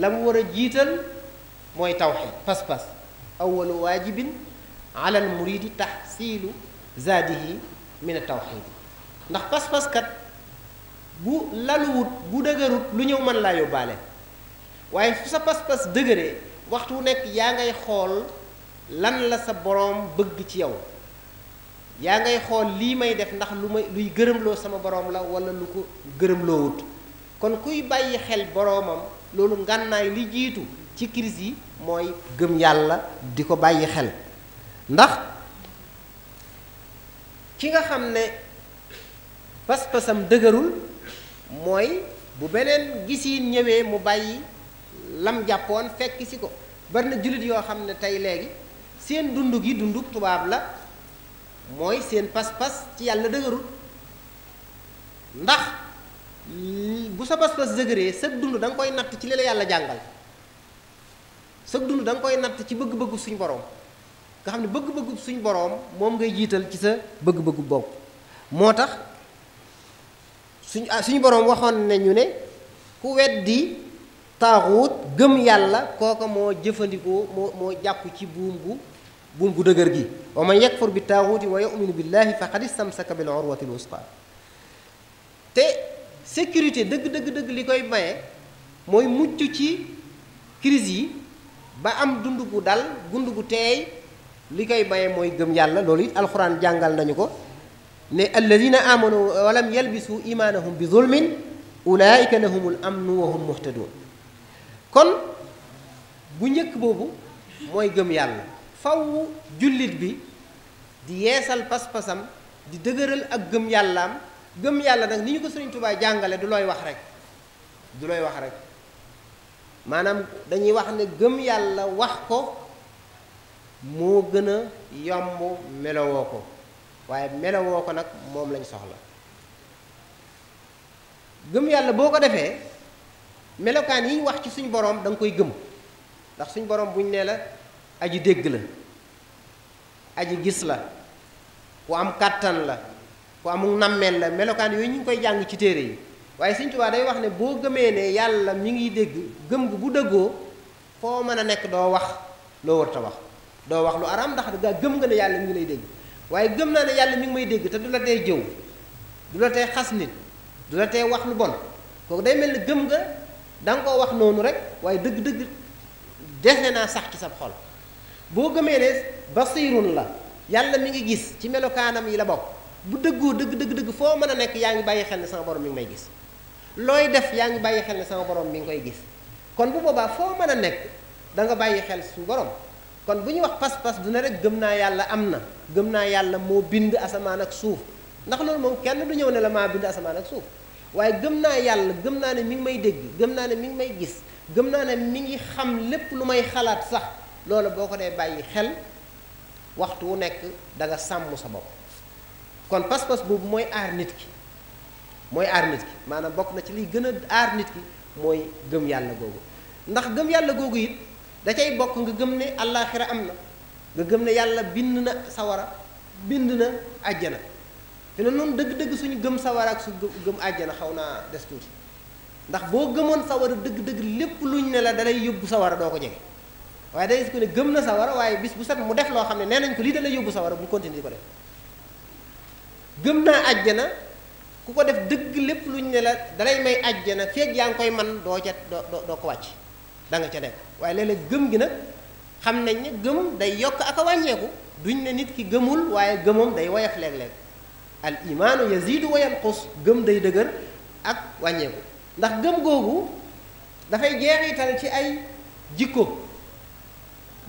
la mu war a jiital mooy tawxiid pas-pas awalu waajibin alal muridi tahsiilu zaadihi min a tawxiidi ndax pas-pas kat bu laluwut bu dëgërut lu ñëw mën laa yóbbaale waaye fu sa pas-pas dëgëree waxtu wu nekk yaa ngay xool lan la sa boroom bëgg ci yow yaa ngay xool lii may def ndax lu may luy gërëmloo sama boroom la walla lu ko gërëmloowut kon kuy bàyyi xel boroomam loolu ngànnaay li jiitu ci crise yi mooy gëm yàlla di ko bàyyi xel ndax ki nga xam ne pas-pasam dëgërul mooy bu beneen gisiin ñëwee mu bàyyi lam jàppoon fekk si ko bari na jullit yoo xam ne tey léegi seen dund gi dundu tubaab la mooy seen pas-pas ci yàlla dëgërul ndax bu sa pas-pas dëgëree sa dund da koy natt ci li yàlla jàngal sa dund da koy natt ci bëgg-bëggu suñ boroom nga xam ne bëgg-bëggu suñ boroom moom ngay jiital ci sa bëgg-bëggu bopp moo tax suñu ah, suñu boroom waxoon nañu ne ku di taaxut gëm yàlla kooka moo jëfandikoo moo moo jàpp ci buum gu buum gu dëgër gi ma man yakfur bi taaxuti wa yuminu billahi faqad istamsaka bil urwati l wusqa te sécurité dëgg-dëgg dëgg li koy maye mooy mucc ci crise yi ba am dund gu dal gund gu teey li koy maye mooy gëm yàlla loolu it alxuraan jàngal nañu ko ne alladina amanu walam yalbisu imaanahum bi zulmin ulaika am amnu wa hum muhtadun kon bu njëkk boobu mooy gëm yàlla faw jullit bi di yeesal pas-pasam di dëgëral ak gëm yàllaam gëm yàlla nag ni ñu ko Sëriñ Tuubaa jàngale du looy wax rek du looy wax rek maanaam dañuy wax ne gëm yàlla wax ko moo gën a yomb melowoo ko waaye melowoo ko nag moom lañ soxla gëm yàlla boo ko defee melokaan yi wax ci suñu borom da koy gëm ndax suñu borom buñ nee la aji dégg la aji gis la ku am kàttan la ku amul nammeel la melokaan yooyu ñu ngi koy jàng ci téere yi waaye Sëñ Tuubaa day wax ne boo gëmee ne yàlla mi ngi dégg gëm bu dëggoo foo mën a nekk doo wax loo warta wax doo wax lu araam ndax da gëm nga ne yàlla mi ngi dégg waaye gëm naa ne yàlla mi ngi may dégg te du la tee jëw du la tee xas nit du la tee wax lu bon kooku day mel ne gëm nga da nga ko wax noonu rek waaye dëgg-dëgg dese naa sax ci sa xol boo gëmee ne basirun la yàlla mi ngi gis ci melokaanam yi la bokk bu dëggoo dëgg dëgg dëgg foo mën a nekk yaa ngi bàyyi xel ne sama borom mi ngi may gis looy def yaa ngi bàyyi xel ne sama borom mi ngi koy gis kon bu boobaa foo mën a nekk da nga bàyyi xel su borom kon bu ñu wax pas-pas du ne rek gëm naa yàlla am na gëm naa yàlla moo bind asamaan ak suuf ndax loolu moom kenn du ñëw ne la maa bind asamaan ak suuf waaye gëm naa yàlla gëm naa ne mi ngi may dégg gëm naa ne mi ngi may gis gëm naa ne mi ngi xam lépp lu may xalaat sax loolu boo ko dee bàyyi xel waxtu wu nekk da nga sàmm sa bopp kon pas-pas boobu mooy aar nit ki mooy aar nit ki maanaam bokk na ci liy gën a aar nit ki mooy gëm yàlla googu ndax gëm yàlla googu it da cay bokk nga gëm ne àllaaxira am na nga gëm ne yàlla bind na sawara bind na àjjana te ne noonu dëgg-dëgg suñu gëm sawar ak su gëm àjjana xaw naa des tuuti ndax boo gëmoon sawara dëgg-dëgg lépp ñu ne la dalay yóbbu a doo ko jege waaye day gis ko ne gëm na sawara waaye bis bu set mu def xam ne nee nañ ko lii dalay yóbbu sawara bu continuer ko def gëm naa àjjana ku ko def dëgg lépp luñ ne la dalay may àjjana feeg yaa ngi koy man doo ca doo doo ko wàcc danga nga ca nekk waaye léeg gëm gi nag xam nañ ne gëm day yokk ak a wàññeeku duñ ne nit ki gëmul waaye gëmoom day woyof léeg-léeg al imaanu yazidu wa yanqus gëm day dëgër ak wàññeeku ndax gëm googu dafay jeexital ci ay jikko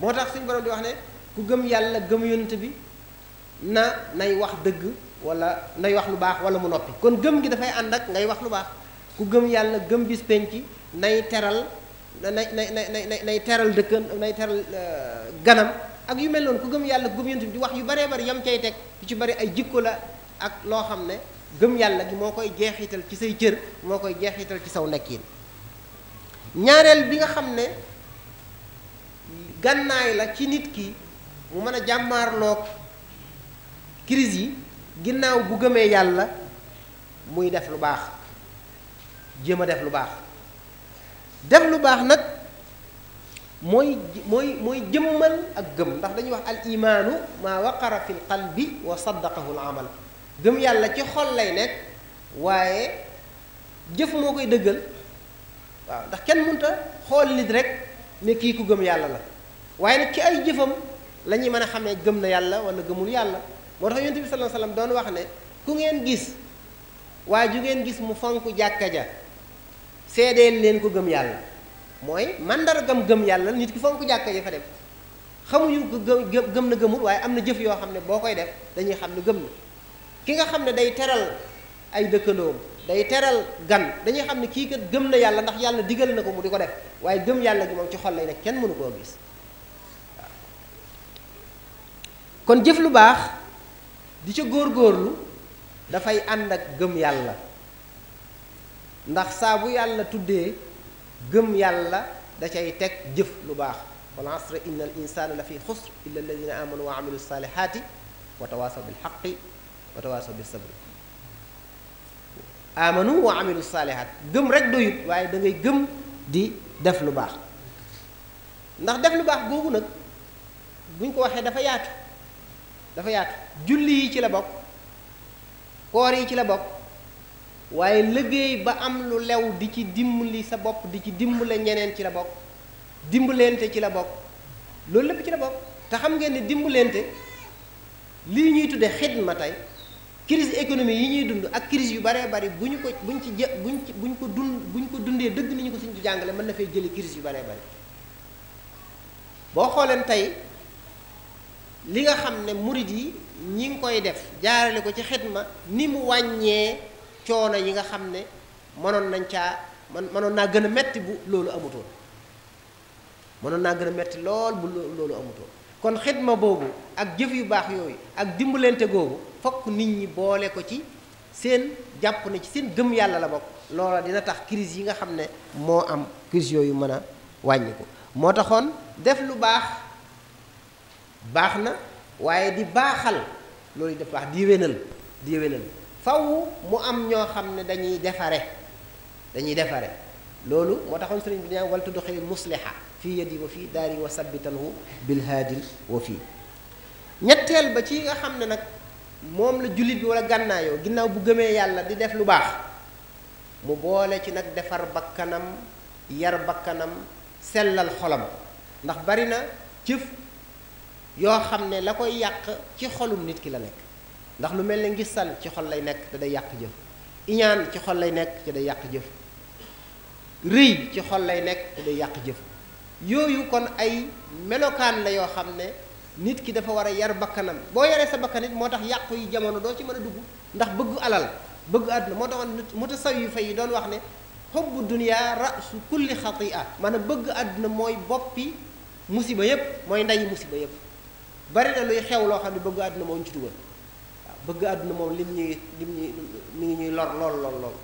moo tax suñu borom di wax ne ku gëm yàlla gëm yonent bi na nay wax dëgg wala nay wax lu baax wala mu kon gëm gi dafay ànd ak ngay wax lu baax ku gëm yàlla gëm bis penc nay teral nay nay nay nay teral dëkkan nay teral euh, ganam ak yu mel noonu ku gëm yàlla gëm yonent bi di wax yu baree bari yam cay teg yu ci bari ay jikko la ak loo xam ne gëm yàlla gi moo koy jeexital ci say cër moo koy jeexital ci saw nekkin ñaareel bi nga xam ne gànnaay la ci nit ki mu mën a jàmmaarloog kiris yi ginnaaw bu gëmee yàlla muy def lu baax jëm a def lu baax def lu baax nag mooy mooy mooy jëmmal ak gëm ndax dañuy wax al maa waqara fi l qalbi wa saddaqahu al amal gëm yàlla ci xool lay nekk waaye jëf moo koy dëggal waaw ndax kenn mënta xool nit rek ne kii ku gëm yàlla la waaye nag ci ay jëfam lañuy ñuy mën a xamee gëm na yàlla wala gëmul yàlla moo tax yonent bi sallallahu alayhi doon wax ne ku ngeen gis waa ju ngeen gis mu fonk jàkka ja seedeel leen ko gëm yàlla mooy mandargam gëm gëm yàlla nit ki fonk jàkka ja fa dem xamuñu ko gëm gëm na gëmul waaye am na jëf yoo xam ne boo koy def dañuy xam ne gëm na ki nga xam ne day teral ay dëkkandoom day teral gan dañuy xam ne kii kat gëm na yàlla ndax yàlla na ko mu di ko def waaye gëm yàlla gi moom ci xol lay nekk kenn mënu koo gis kon jëf lu baax di ca góor góorgóorlu dafay ànd ak gëm yàlla ndax saabu yàlla tuddee gëm yàlla da cay teg jëf lu baax wal asri inna al la fi xusr illa alladina amanu wa amilu salihaati wa tawasaw bilxaqi wa tawaasaw bi sabri amanu wa amilu saalihaat gëm rek doyut waaye da gëm di def lu baax ndax def lu baax googu nag buñ ko waxee dafa yaatu dafa yaatu julli yi ci la bokk koor yi ci la bokk waaye liggéey ba am lu lew di ci dimbali sa bopp di ci dimbale ñeneen ci la bokk dimbalente ci la bokk loolu lépp ci la bokk te xam ngeen ne dimbalente lii ñuy tudde ma tey crise économie yi ñuy dund ak crise yu baree bari bu ñu ko bu ci jë buñ ñu ko dund buñ ko dundee dëgg ni ñu ko suñ ci jàngale mën na fay jëlee crise yu bare bari boo xooleen tey li nga xam ne murid yi ñi ngi koy def jaarale ko ci ma ni mu wàññee coono yi nga xam ne mënoon nañ caa man mënoon naa gën a metti bu loolu amutoon mënoon naa gën a metti lool bu loolu amutoon kon xidma boobu ak jëf yu baax yooyu ak dimbalante googu fokk nit ñi boole ko ci seen jàpp na ci seen gëm yàlla la bokk loola dina tax crise yi nga xam ne moo am crise yooyu mën a wàññiku moo taxoon def lu baax baax na waaye di baaxal loolu def baax di yéwénal di yéwénal faw mu am ñoo xam ne dañuy defare dañuy defare loolu moo taxoon sëriñ bi ne wal tudxili musliha fii yadi wa fii daari wa sabbitanhu bilhaadil wa fii ñetteel ba ci nga xam ne nag moom la jullit bi wala gànnaayoo ginnaaw bu gëmee yàlla di def lu baax mu boole ci nag defar bakkanam yar bakkanam sellal xolam ndax bari na jëf yoo xam ne la koy yàq ci xolum nit ki la nekk ndax lu mel ne ngistal ci xol lay nekk te day yàq jëf iñaan ci xol lay nekk te day yàq jëf rëy ci xol lay nekk te day yàq jëf yooyu kon ay melokaan la yoo xam ne nit ki dafa war a yar bakkanam boo yaree sa bakkan moo tax yàqu yi jamono doo ci mën a dugg ndax bëgg alal bëgg àdduna moo taxoon mutasawifa yi doon wax ne xubbu dunia rasu kulli xatia maanaam bëgg àdduna mooy boppi musiba yépp mooy ndayi musiba yépp bari na luy xew loo xam ne bëgg àdduna moo ñu ci dugal bëgg àdduna moom li ñuy lim ñuy mi ngi ñuy lor lool lool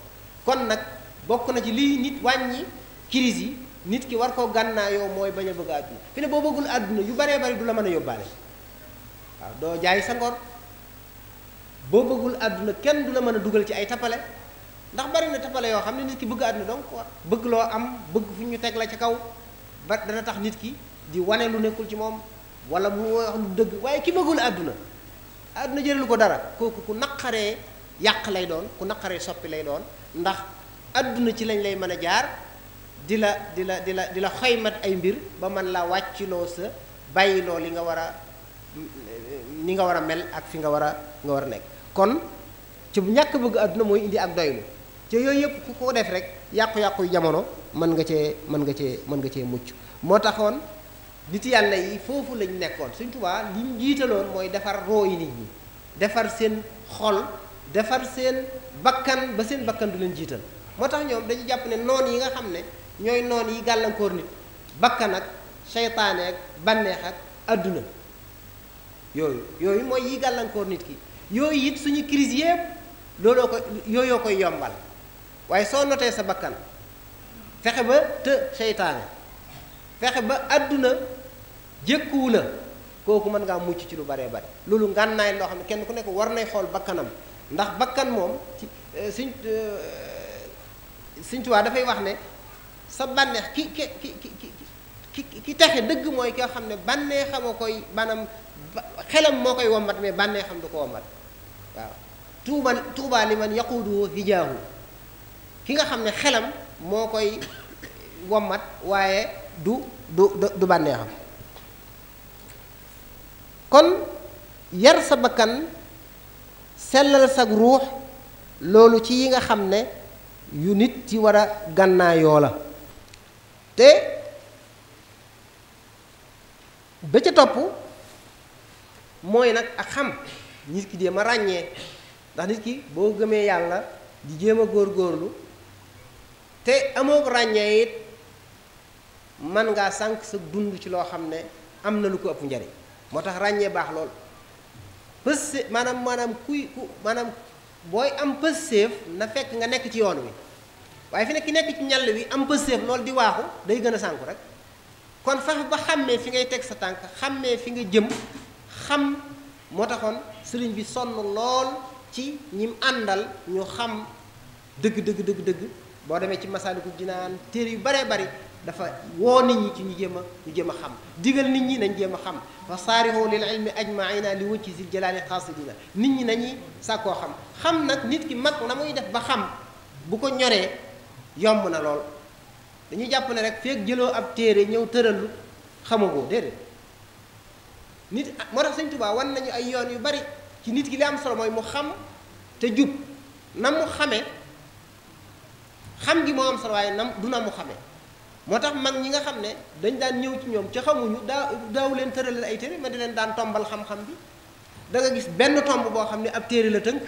kon nag bokk na ci lii nit wàññi crise yi nit ki war koo gànnaayoo mooy bañ a bëgg àdduna fi ne boo bëggul àdduna yu baree bari du la mën a yóbbaale waaw doo jaay sa ngor boo bëggul àdduna kenn du la mën a dugal ci ay tappale ndax bari na tappale yoo xam ne nit ki bëgg àdduna donc bëgg loo am bëgg fu ñu teg la ca kaw ba dana tax nit ki di wane lu nekkul ci moom wala mu wax lu dëgg waaye ki bëggul àdduna àdduna jëlelu ko dara kooku ku naqaree yàq lay doon ku naqaree soppi lay doon ndax àdduna ci lañ lay mën a jaar di la di la di la di la xoymat ay mbir ba mën la wàcciloo sa bàyyiloo li nga war a ni nga war a mel ak fi nga war a nga war a nekk kon ci bu ñàkk bëgg àdduna mooy indi ak doylu ci yooyu yëpp ku ko def rek yàqu-yàqu yu jamono mën nga cee mën nga cee mën nga cee mucc moo taxoon nit yàlla yi foofu lañu nekkoon Sëñ Tuubaa li ñu jiitaloon mooy defar roo yi nit ñi defar seen xol defar seen bakkan ba seen bakkan du leen jiital moo tax ñoom dañu jàpp ne noon yi nga xam ne ñooy noonu yi gàllankoor nit bakkan ak seytaane ak bànneex ak àdduna yooyu yooyu mooy yi gàllankoor nit ki yooyu it suñu crise yépp looloo ko yooyoo koy yombal waaye soo notee sa bakkan fexe ba të seytaane fexe ba àdduna jëkkuwu la kooku mën ngaa mucc ci lu bare bare loolu ngànnaay loo xam ne kenn ku nekk war nay xool bakkanam ndax bakkan moom ci suñ suñ tuwaa dafay wax ne sa bànneex ki ki ki ki ki ki taxe dëgg mooy koo xam ne bànneexam a koy maanaam xelam moo koy wombat mais bànneexam du ko wombat waaw tuuba tuuba li man yaquudu hijaahu ki nga xam ne xelam moo koy wommat waaye du du du bànneexam kon yar sa bakkan sellal sag ruux loolu ci yi nga xam ne yu nit ci war a gànnaayoo la te ba ca topp mooy nag ak xam nit ki dee ma ràññee ndax nit ki boo gëmee yàlla di jéem a góorlu te amoo ràññee it man ngaa sànq sa dund ci loo xam ne am na lu ko ëpp njariñ moo tax ràññee baax lool pës maanaam maanaam kuy ku maanaam booy am pës séef na fekk nga nekk ci yoon wi waaye fi ne ki nekk ci ñàll wi am pëseef loolu di waaxu day gën a sànku rek kon fexe ba ne fi ngay teg sa tànk ne fi nga jëm xam moo taxoon sëriñ bi sonn lool ci ñim àndal ñu xam dëgg dëgg dëgg dëgg boo demee ci masaliku jinaan téere yu baree dafa woo nit ñi ci ñu jéem a ñu jéem a xam digal nit ñi nañ jéem a xam fa saarihoo lil ilmi ajmaina li wëcci sil jalaali xaasidina nit ñi nañuy sàkkoo xam xam nag nit ki mag na muy def ba xam bu ko ñoree yomb na lool dañuy jàpp rek feeg jëloo ab téere ñëw tëralu xamagoo déedéet nit moo tax sëñ Tuubaa wan nañu ay yoon yu bari ci nit ki li am solo mooy mu xam te jub nam mu xamee xam gi moo am solo waaye na du nam mu xamee moo tax mag ñi nga xam ne dañ daan ñëw ci ñoom ca xamuñu daa daaw leen tëral ay téere ma di leen daan tombal xam-xam bi da gis benn tomb boo xam ne ab téere la tënk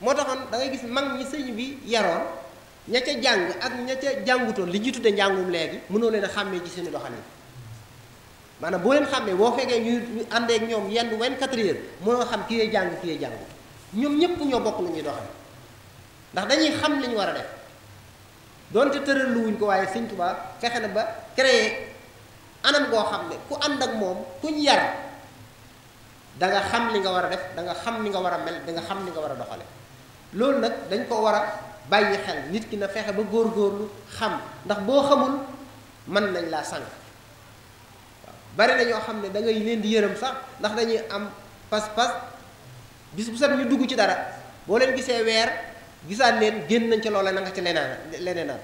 moo taxoon da gis mag ñi sëñ bi yaroon ña ca jàng ak ña ca jàngutoon li ñuy tudde njàngum léegi mënoo leen a xàmmee ci seen doxalin maanaam boo leen xàmmee boo fekkee ñu ñu àndee ak ñoom yenn 24 heures mënoo xam kiyee jàng kiyee jàngu ñoom ñëpp ñoo bokk lu ñuy ndax dañuy xam li ñu war a def donte tëral lu ko waaye Sëñ Tuubaa fexe na ba créer anam goo xam ne ku ànd ak moom kuñ yar da nga xam li nga war a def danga xam li nga war a mel da nga xam li nga war a doxale loolu nag dañ koo war a bàyyi xel nit ki na fexe ba góor góorlu xam ndax boo xamul mën nañ laa sànq waaw bari na ñoo xam ne da leen di yërëm sax ndax dañuy am pas-pas gis bu set ñu dugg ci dara boo leen gisee weer gisaat leen génn nañ ca loola na nga ca leneen leneenaan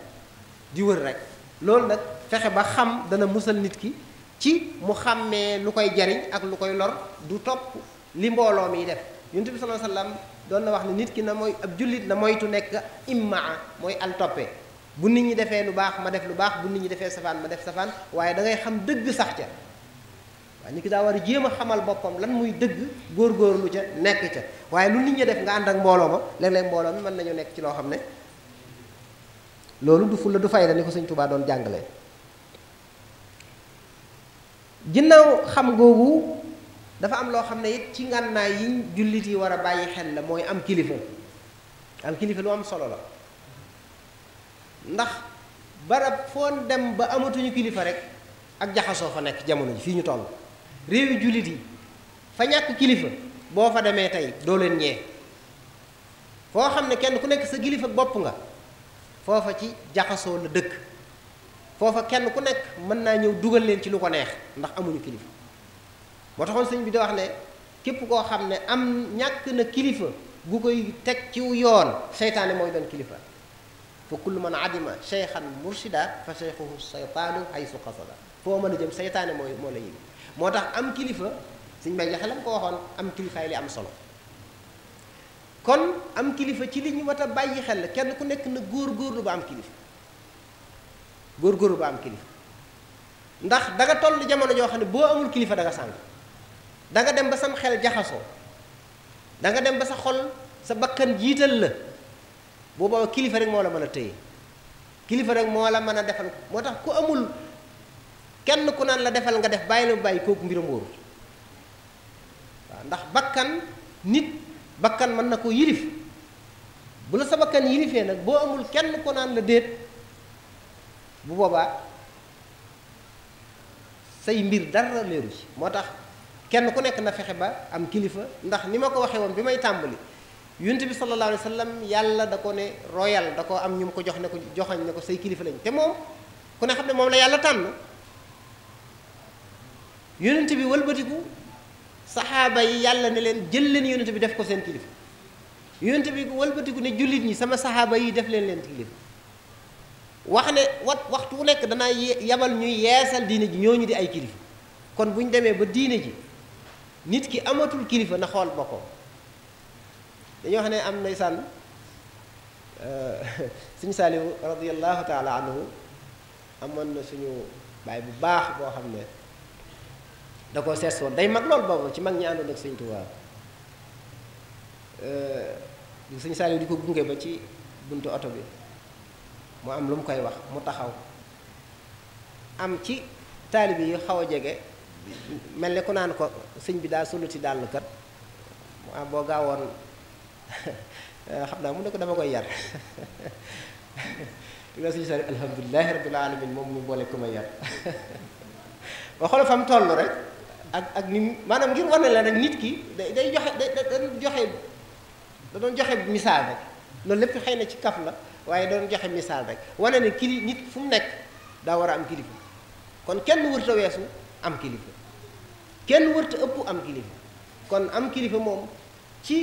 di wër rek loolu nag fexe ba xam dana musal nit ki ci mu xàmmee lu koy jariñ ak lu koy lor du topp li mbooloo mi def yonent bi sallallahu alayhi doon na wax ne nit ki na mooy ab jullit na moytu nekk immaa mooy al toppe bu nit ñi defee lu baax ma def lu baax bu nit ñi defee safaan ma def safaan waaye da ngay xam dëgg sax ca waaye nit ki daa war a jéem a xamal boppam lan muy dëgg góor góorgóorlu ca nekk ca waaye lu nit ñi def nga ànd ak mbooloo ma léeg-léeg mbooloo mi mën nañu nekk ci loo xam ne loolu du fulla du fayda ni ko Sëñ Tuubaa doon jàngale ginnaaw xam googu dafa am loo xam ne it ci ngànnaay yi jullit yi war a bàyyi xel la mooy am kilifa am kilifa lu am solo la ndax barab foo dem ba amatuñu kilifa rek ak jaxasoo fa nekk jamono ji fii ñu toll réewi jullit yi fa ñàkk kilifa boo fa demee tey doo leen ñee foo xam ne kenn ku nekk sa kilifa bopp nga foofa ci jaxasoo la dëkk foofa kenn ku nekk mën naa ñëw dugal leen ci lu ko neex ndax amuñu kilifa moo taxoon sëñ bi di wax ne képp koo xam ne am ñàkk na kilifa bu koy teg ciw yoon seytaane mooy doon kilifa fa kullu man adima cheikhan mursida fa cheikhuhu seytaanu haysu qasada foo mën a jëm seytaane mooy moo la yëg moo tax am kilifa sëñ bay la lam ko waxoon am kilifaay li am solo kon am kilifa ci li ñu wat a bàyyi xel kenn ku nekk na góor-góorlu ba am kilifa góor-góorlu ba am kilifa ndax da nga toll jamono joo xam ne boo amul kilifa da da nga dem ba sam xel jaxasoo danga dem ba sa xol sa bakkan jiital la bu boobaa kilifa rek moo la mën a téye kilifa rek moo la mën a defal moo tax ku amul kenn ku naan la defal nga def bàyyi la bàyyi kooku mbiram wóoru ndax bakkan nit bakkan mën na ko yilif bu la sa bakkan nag boo amul kenn ku naan la déet bu boobaa say mbir dara leeru ci moo tax kenn ku nekk na fexe ba am kilifa ndax ni ma ko waxee woon bi may tàmbali yonent bi sallallahu alayhi wa sallam yàlla da ko ne royal da ko am ñu ko jox ne ko joxañ ne ko say kilifa te moom ku ne xam ne moom la yàlla tànn yonent bi wëlbatiku saxaaba yi yàlla ne leen jël leen yonent bi def ko seen kilifa yonent bi wëlbatiku ne jullit ñi sama saxaaba yi def leen leen kilifa wax ne wat waxtu wu nekk danaa yabal ñuy yeesal diine ji ñu di ay kilifa kon bu ñu demee ba diine ji nit ki amatul kilifa na xool boppam dañoo xam ne am ndeysaan euh, suñu saaliwu radiallahu taala anhu amoon na suñu baay bu baax boo xam ne da ko sees woon day mag lool boobu ci mag ñi àndoon ak sëñ Tuubaa euh, sëñ saaliwu di ko gunge ba ci buntu oto bi mu am lu mu koy wax mu taxaw am ci taalibe yi xaw a jege mel ne ku naan ko sëñ bi daa soluti dàll kat waaw boo gaawoon xam naa mu ne ko dama koy yar di la suñu sari alhamdulilahi rabbil alamin moom mu boole ku ma yar ba xoolal fa mu toll rek ak ak ni maanaam ngir wane la rek nit ki day day da joxe da doon joxe misaal rek loolu lépp xëy na ci kaf la waaye doon joxe misaal rek wane ne kili nit fu mu nekk daa war a am kilifa kon kenn wërta weesu am kilifa kenn wërta ëpp am kilifa kon am kilifa moom ci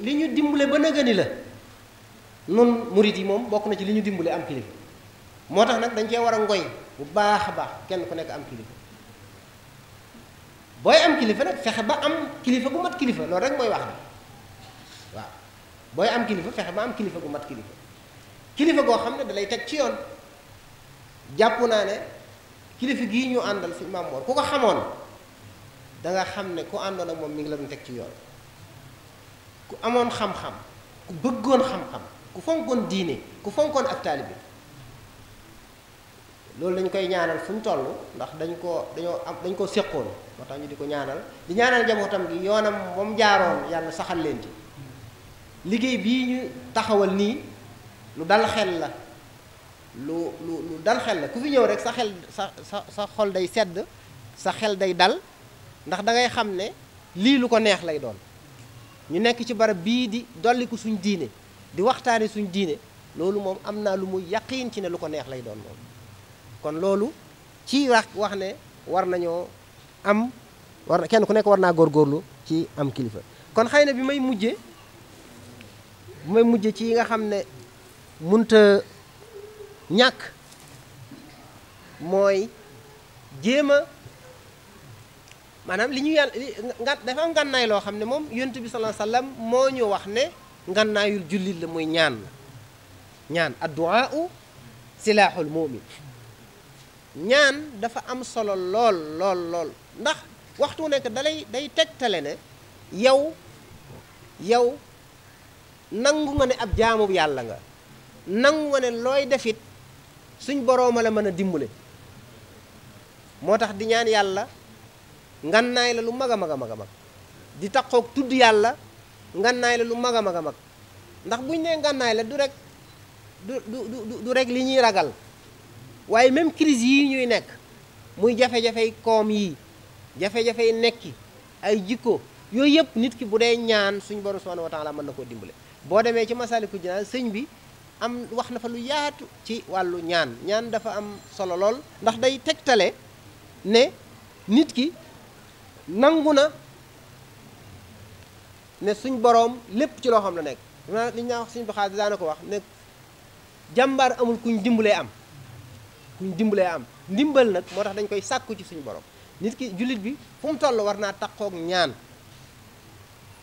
li ñu dimbale ba nëgëni la nun murit yi moom bokk na ci li ñu dimbale am kilifa moo tax nag dañ cee war a ngoy bu baax a baax kenn ku nekk am kilifa booy am kilifa nag fexe ba am kilifa gu mat kilifa loolu rek mooy wax bi waaw booy am kilifa fexe ba am kilifa gu mat kilifa kilifa goo xam ne dalay teg ci yoon jàpp naa ne kilifa gii ñu àndal si Maam Mor ku ko xamoon danga xam ne ku àndoon ak moom mi ngi la doon teg ci yoon ku amoon xam-xam ku bëggoon xam-xam ku fonkoon diine ku fonkoon ak taalibe loolu dañ koy ñaanal fu mu toll ndax dañ koo dañoo am dañ koo séqoon moo tax ñu di ko ñaanal di ñaanal njabootam gi yoonam mu jaaroon yàlla saxal leen ci liggéey bii ñu taxawal nii lu dal xel la lu lu lu dal xel la ku fi ñëw rek sa xel sa sa sa xol day sedd sa xel day dal ndax dangay xam ne lii lu ko neex lay doon ñu nekk ci barab bii di dolliku suñ diine di waxtaane suñ diine loolu moom am naa lu mu yaqiin ci ne lu ko neex lay doon moom kon loolu ci wax wax ne war nañoo am war kenn ku nekk war naa góorgóorlu ci am kilifa kon xay na bi may mujje bi may mujje ci yi nga xam ne munta ñàkk mooy jéem maanaam li ñu yàlla nga dafa ngànnaay loo xam ne moom yonent bi sallallahu alayhi wasallam moo ñu wax ne ngànnaayul jullit la muy ñaan ñaan addu'a silaaxul mu'min ñaan dafa am solo lool lool lool ndax waxtu nekk dalay day tegtale ne yow yow nangu nga ne ab jaamu yàlla nga nangu nga ne looy defit suñ borooma la mën a dimbale moo tax di ñaan yàlla ngannaay la lu mag a mag a mag a mag di taqoog tudd yàlla ngannaay la lu mag a mag a mag ndax buñ nee ngannaay la du rek du du du du rek li ñuy ragal waaye même crise yi ñuy nekk muy jafe-jafey koom yi jafe-jafey nekki ay jikko yooyu yëpp nit ki bu dee ñaan suñu borom subhanahu wa taala mën na koo dimbale boo demee ci masaliku jinaan sëñ bi am wax na fa lu yaatu ci wàllu ñaan ñaan dafa am solo lool ndax day tegtale ne nit ki nangu na ne suñ boroom lépp ci loo xam la nekk ma li ñu suñ baxaar di ko wax ne jàmbaar amul kuñ dimbalee am kuñ dimbalee am ndimbal nag moo tax dañ koy sàkku ci suñu borom nit ki jullit bi fu mu war naa taqoog ñaan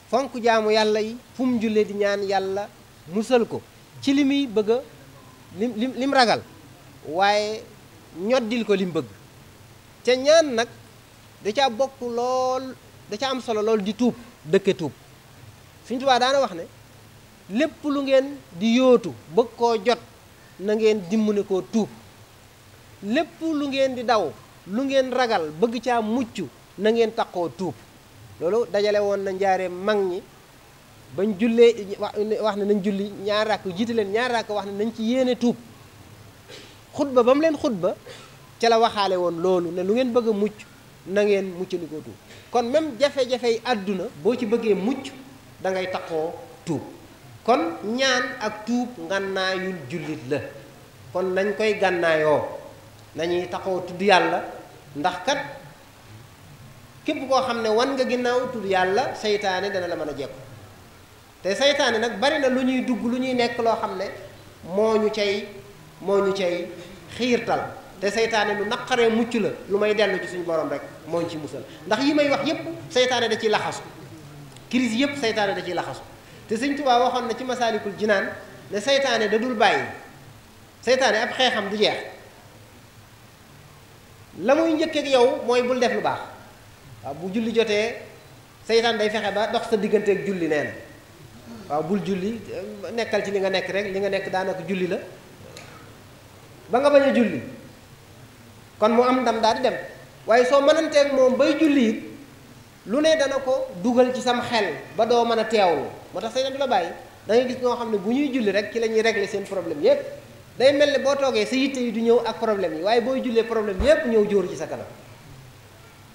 fonk jaamu yàlla yi fu mu jullee di ñaan yàlla musal ko ci li muy bëgg a lim lim ragal waaye ñoddil ko lim bëgg ca ñaan nag da caa bokk lool da ca am solo lool di tuub dëkke tuub suñ tubaa daana wax ne lépp lu ngeen di yootu bëgg koo jot na ngeen dimbali koo tuub lépp lu ngeen di daw lu ngeen ragal bëgg caa mucc na ngeen takkoo tuub loolu dajale woon na njaaree mag ñi bañ jullee wax ne nañ julli ñaar rakk jiite leen ñaar rakk wax ne nañ ci yéene tuub xutba ba mu leen xutba ca la waxaale woon loolu ne lu ngeen bëgg mucc na ngeen muccandikoo tuub kon même jafe-jafe yi àdduna boo ci bëggee mucc da ngay taxoo tuub kon ñaan ak tuub ngànnaayul jullit la kon lañ koy gànnaayoo nañuy taxoo tudd yàlla ndax kat képp koo xam ne wan nga ginnaaw tudd yàlla seytaane dana la mën a jekku te seytaane nag bari na lu ñuy dugg lu ñuy nekk loo xam ne moo ñu cay moo ñu cay xiirtal te seytaane lu naqaree mucc la lu may dellu ci suñu borom rek mooñ ci musal ndax yi may wax yépp seytaane da ciy laxasu crise yépp seytaane da ciy laxasu te sëñ Tuubaa waxoon na ci masaalikul jinaan ne seytaane da dul bàyyi seytaane ab xeexam di jeex la muy njëkk yow mooy bul def lu baax waaw bu julli jotee seytaan day fexe ba dox sa diggante ak julli nee waaw bul julli nekkal ci li nga nekk rek li nga nekk daanaka julli la ba nga bañ a julli kon mu am ndam daal di dem waaye soo mënanteeg moom bay julli lu ne dana ko dugal ci sam xel ba doo mën a teewlu moo tax seytaan du la bàyyi da ngay gis ñoo xam ne bu ñuy julli rek ci la ñuy régler seen problème yépp day mel ni boo toogee sa yitte yi du ñëw ak problème yi waaye booy jullee problème yépp ñëw jóor ci sa kanam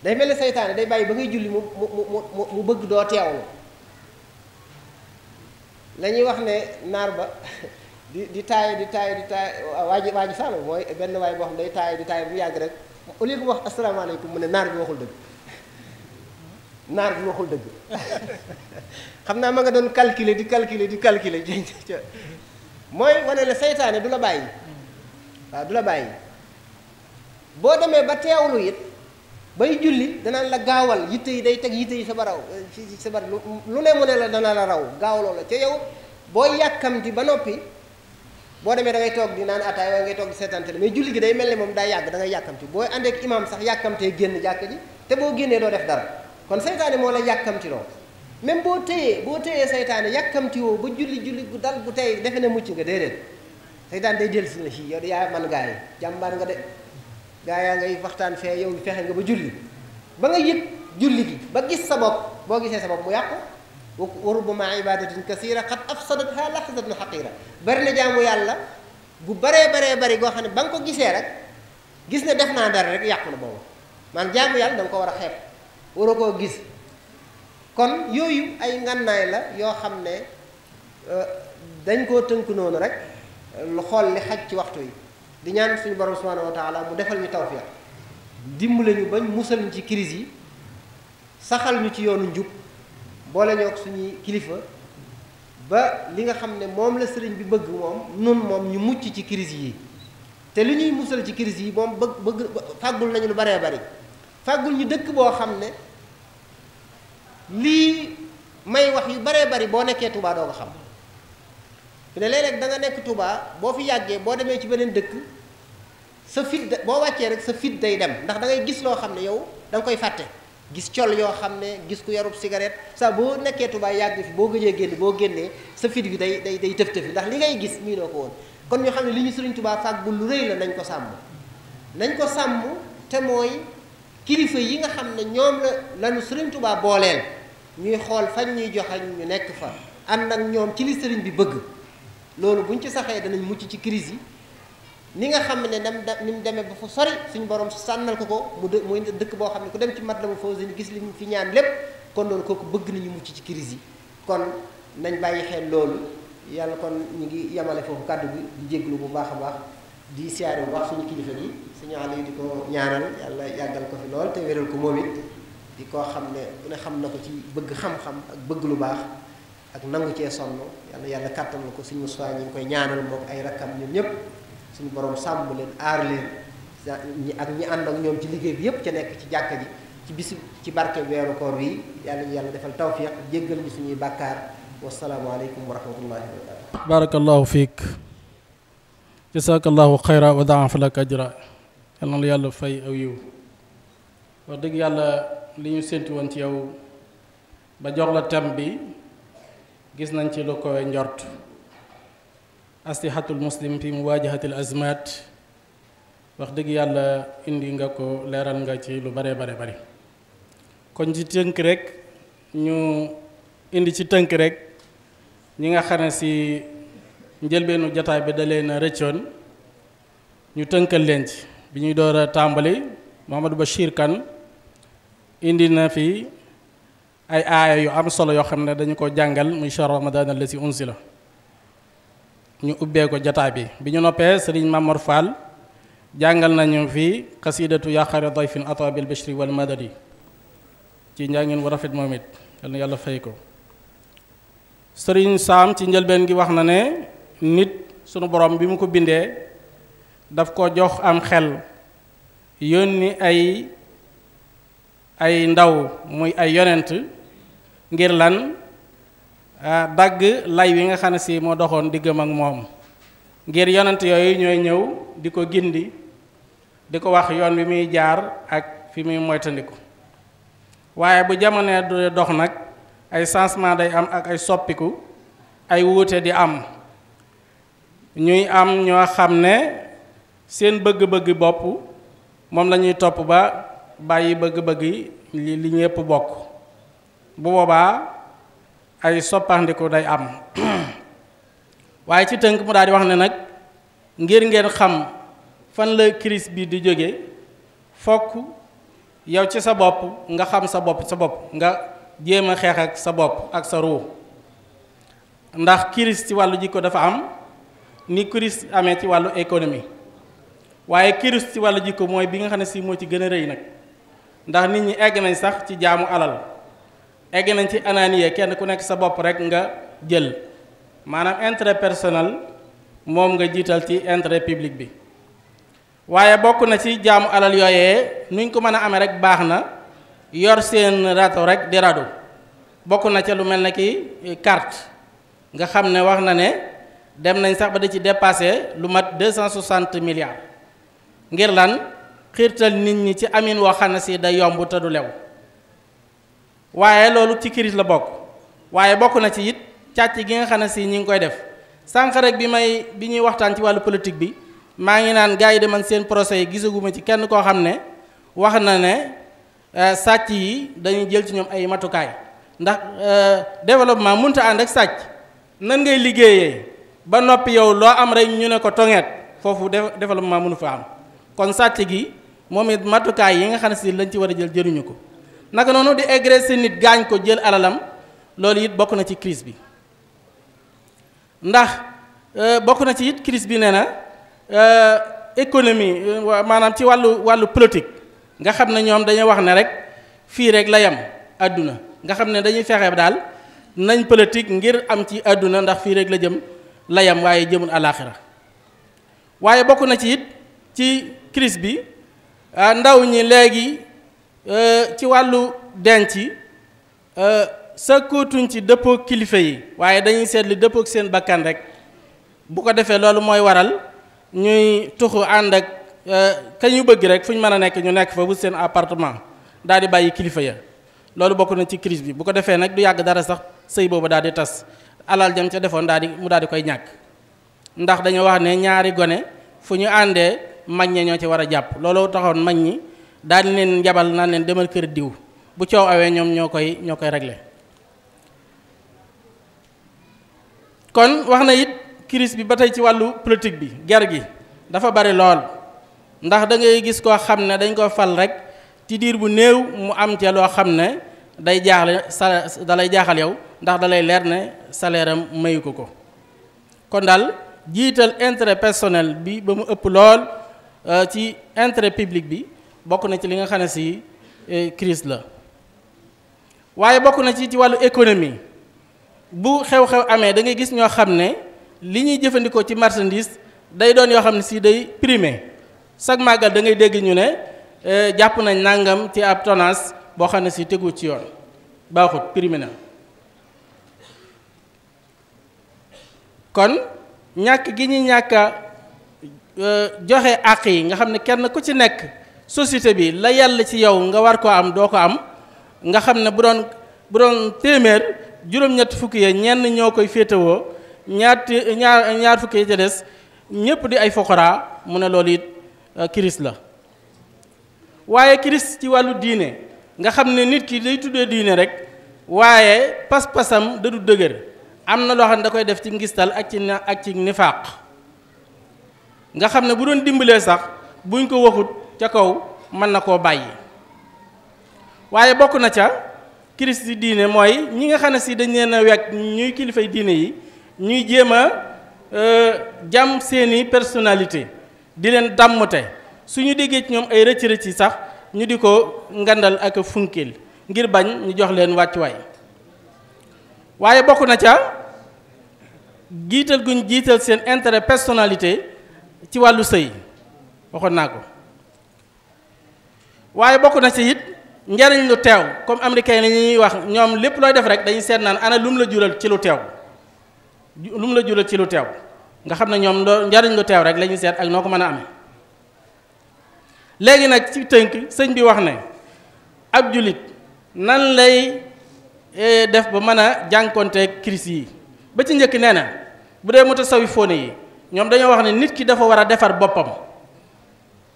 day mel ni seytaane day bàyyi ba ngay julli mu mu mu mu bëgg doo teewlu la wax ne naar ba di di taay di taay di taay waa ji waa mooy benn waay boo xam day taay di taay bu yàgg rek au lieu que mu wax asalaamaaleykum mu ne naar bi waxul dëgg naar bi waxul dëgg xam naa ma nga doon calculer di calculer di calculer mooy wane ne seytaane du la bàyyi waaw du la bàyyi boo demee ba teewlu it bay julli danaan la gaawal yitte yi day teg yitte yi sa baraw lu ne mu ne la dana la raw gaawloo la ca yow boo yàkkamti ba noppi boo demee da ngay toog di naan ataay waaye ngay toog di seetaan télé mais julli gi day mel ne moom daa yàgg da ngay yàkkamti booy ànd ak imaam sax yàkkamtee génn jàkk ji te boo génnee doo def dara kon seytaane moo la yàkkamti loo même boo téyee boo téyee seytaane yàkkamti woo ba julli julli bu dal bu tey defe ne mucc nga déedéet seytaane day dellusi na si yow yaa man gaa yi jàmbaar nga de gaa yaa ngay waxtaan fee yow fexe nga ba julli ba nga yëg julli gi ba gis sa bopp boo gisee sa bopp mu yàqu wa rubbama ibadatin kasira xat afsadatha lahzatun xaqira bari na jaamu yàlla bu baree baree bari goo xam ne ba nga ko gisee rek gis ne def naa dara rek yàqu na boobu man jaamu yàlla da ko war a war a koo gis kon yooyu ay ngànnaay la yoo xam ne euh, dañ koo tënk noonu rek lu xool li xaj ci waxtu yi di ñaan suñu borom subhanahu wa mu defal ñu tawfiq dimbale ñu bañ musal ñu ci crise yi saxal ñu ci yoonu njub boo ñoo ak suñuy kilifa ba li nga xam ne moom la sëriñ bi bëgg moom nun moom ñu mucc ci crise yi te li ñuy musal ci crise yi moom bëgg bëgg fàggul nañu lu baree bari fàggul ñu dëkk boo xam ne lii may wax yu baree bari boo nekkee tubaa doo ko xam fi ne léeg nekk tubaa boo fi yàggee boo demee ci beneen dëkk sa fit boo wàccee rek sa fit day dem ndax dangay gis loo xam ne yow da koy fàtte gis col yoo xam ne gis ku yarub cigarette sax boo nekkee Tuubaa yàgg fi boo gëjee génn boo génnee sa fit bi day day day tëf tëfi ndax li ngay gis miinoo ko woon kon ñu xam ne li ñu Sëriñ Tuubaa fàgg bu lu rëy la nañ ko sàmm nañ ko sàmm te mooy kilifa yi nga xam ne ñoom la lanu Sëriñ Tuubaa booleel ñuy xool fañ ñuy joxañ ñu nekk fa ànd ak ñoom ci li sëriñ bi bëgg loolu buñ ci saxee danañ mucc ci crise yi ni nga xam ne nam ni mu demee ba fu sori suñu borom sànnal ko ko mu dë muy dëkk boo xam ne ku dem ci mat la mu fausi ni gis li mu fi ñaan lépp kon loolu ko bëgg nañu mucc ci crise yi kon nañ bàyyi xel loolu yàlla kon ñu ngi yemale foofu kàddu bi di jéglu bu baax a baax di siyaare bu baax suñu kilifa gi suñu àll yi di ko ñaanal yàlla yàggal ko fi lool te wéral ko moom it di koo xam ne ku ne xam na ko ci bëgg xam-xam ak bëgg lu baax ak nangu cee sonn yàlla yàlla kàttan ko suñu soin ñu koy ñaanal mook ay rakkam ñun ñëpp suñu borom sàmm leen aar leen ñi ak ñi ànd ak ñoom ci liggéey bi yépp ca nekk ci jàkka ji ci bis ci barke weeru koor wi yàlla ñu yàlla defal tawfiq jéggal ñu suñuy bàkkaar wasalaamaaleykum wa rahmatullahi wa barakatu barakallahu fiik jasakallahu yàlla dëgg yàlla li ñu séntu woon ci yow ba jox la thème bi gis nañ ci lu koy njort astihatul muslim fi muwaajahatil azmaat wax dëgg yàlla indi nga ko leeral nga ci lu bare bare bare kon ci tënk rek ñu indi ci tënk rek ñi nga xam si njëlbeenu jataay bi da leen rëccoon ñu tënkal leen ci bi ñuy door a tàmbali Mouhamadou Bachir Kane indi na fi ay aaya yu am solo yoo xam ne dañu ko jàngal muy shahr ramadan allazi unzila ñu ubbee ko jataay bi bi ñu noppee sëriñ Mamor Fall jàngal nañu fi xasiidatu yaa xayra dayfin ataa bil bishri wal madadi ci njàngin wu rafet moom it yàlla fay ko sëriñ Saam ci njëlbeen gi wax na ne nit sunu borom bi mu ko bindee daf ko jox am xel yónni ay ay ndaw muy ay yonent ngir lan Ah, dagg lay wi nga xam ne si moo doxoon diggam ak moom ngir yonent yooyu ñooy ñëw di ko gindi di ko wax yoon bi muy jaar ak fi muy moytandiku waaye bu jamono du dox nag ay changement day am ak ay soppiku ay wuute di am ñuy am ñoo xam ne seen bëgg-bëgg bopp moom lañuy topp ba bàyyi bëgg-bëgg li li bokk bu boobaa ay soppandiku day am waaye ci tënk mu daal wax ne nag ngir ngeen xam fan la crise bi di jóge fokk yow ci sa bopp nga xam sa bopp sa bopp nga jéem a xeex ak sa bopp ak sa ruu ndax crise ci wàllu jikko dafa am ni crise amee ci wàllu économie waaye crise ci wàllu jikko mooy bi nga xam ne si moo ci gën a rëy nag ndax nit ñi egg nañ sax ci jaamu alal egg nañ ci ananiya kenn ku nekk sa bopp rek nga jël maanaam intérêt personnel moom nga jiital ci intérêt public bi waaye bokk na ci jaamu alal yooyee nuñ ko mën a amee rek baax na yor seen rato rek di rado bokk na ca lu mel na ki carte nga xam ne wax na ne dem nañ sax ba da ci dépassé lu mat deux cent soixante milliards ngir lan xiirtal nit ñi ci amin woo xam ne si da yomb te du lew waaye loolu ci crise la bokk waaye bokk na ci it càcc gi nga xam ne si ñi ngi koy def sànq rek bi may bi ñuy waxtaan ci wàllu politique bi maa ngi naan gars yi de man seen procès yi gisaguma ci kenn koo xam ne wax na ne euh, sàcc yi dañuy jël ci ñoom ay matukaay ndax euh, développement mënut a ànd ak sàcc nan ngay liggéeyee ba noppi yow loo am rek ñu ne ko toŋeet foofu développement mënu fa am kon sàcc gi moom it matukaay yi nga xam ne si lañ ci war a jël jëriñu ko. naka noonu di seen nit gaañ ko jël alalam loolu it bokk na ci crise bi ndax euh, bokk na ci it crise bi nee na euh, économie euh, maanaam ci wàllu wàllu politique nga xam ne ñoom dañuy wax ne rek fii rek la yem àdduna nga xam ne dañuy fexe daal nañ politique ngir am ci àdduna ndax fii rek la jëm la yem waaye jëmul àllaaxira waaye bokk na ci it ci crise bi ndaw ñi léegi Euh, ci wàllu denc sa euh, sëkkootuñ ci dëppoog kilifa yi waaye dañuy seetlu dëppook seen bakkan rek bu ko defee loolu mooy waral ñuy tuxu ànd ak euh, ka ñu bëgg rek fu ñu mën a nekk ñu nekk fa bu seen appartement daa di bàyyi kilifa ya loolu bokk na ci crise bi bu ko defee nag du yàgg dara sax sëy boobu daal di tas alal jam ca defoon daal di mu daal di koy ñàkk ndax dañoo wax ne ñaari gone fu ñu àndee mag ña ñoo ci war a jàpp looloo taxoon mag ñi daal leen yabal naan leen demal kër diw bu coow awee ñoom ñoo koy ñoo koy réglé kon wax na it crise bi ba tey ci wàllu politique bi guerre gi dafa bari lool ndax dangay gis koo xam ne dañ ko fal rek ci diir bu néew mu am ca loo xam ne day jaaxle sa da jaaxal yow ndax da leer ne saleeram mayu ko ko kon daal jiital intérêt personnel bi ba mu ëpp lool euh, ci intérêt public bi bokk na ci li nga xam ne si eh, crise la waaye bokk na ci ci wàllu économie bu xew-xew amee da ngay gis ñoo xam ne li ñuy jëfandikoo ci marchandise day doon yoo xam ne si day primé chaque màggal da ngay dégg ñu ne eh, jàpp nañ nangam ci ab tonnage boo xam ne si tegu ci yoon baaxut prime na kon ñàkk gi ñuy ñàkka eh, joxe àq yi nga xam ne kenn ku ci nekk société bi la yàlla ci yow nga war ko am doo ko am nga xam ne bu doon téeméer juróom-ñett fukki ya ñenn ñoo koy féetewoo ñaar ñaar ñaar fukki ya ca des ñépp di ay foxoraa mu ne loolu it kiris euh, la waaye kiris ci wàllu diine nga xam ne nit ki day tuddee diine rek waaye pas-pasam da du dëgër am na loo xam ne da koy def ci ngistal ak ci ak ci fàq nga xam ne bu doon dimbalee sax buñ ko waxut ca kaw mën na koo bàyyi waaye bokk na ca kilifa diine mooy ñi nga xam ne si dañ leen a wekk ñuy kilifay diine yi ñuy jéem a euh, jàmm seeni personnalité di leen dàmmte suñu déggee ci ñoom ay rëcc rëcc sax ñu di ko ngandal ak funkil ngir bañ ñu jox leen wàccuwaay waaye bokk na ca jiital guñ jiital seen intérêt personnalité ci wàllu sëy waxoon naa ko waaye bokk na si it njariñ lu teew comme américain yi ñuy wax ñoom lépp looy def rek dañu seet naan ana la jural ci lu teew lum la jural ci lu teew nga xam ne ñoom loo njariñ lu teew rek la ñuy seet ak noo ko mën a amee léegi nag ci tënk sëñ bi wax ne ab julit nan lay eh, def ba mën a jànkonte crise yi ba ci njëkk nee na bu dee mutasawwifoon yi ñoom dañoo wax ne nit ki dafa war a defar boppam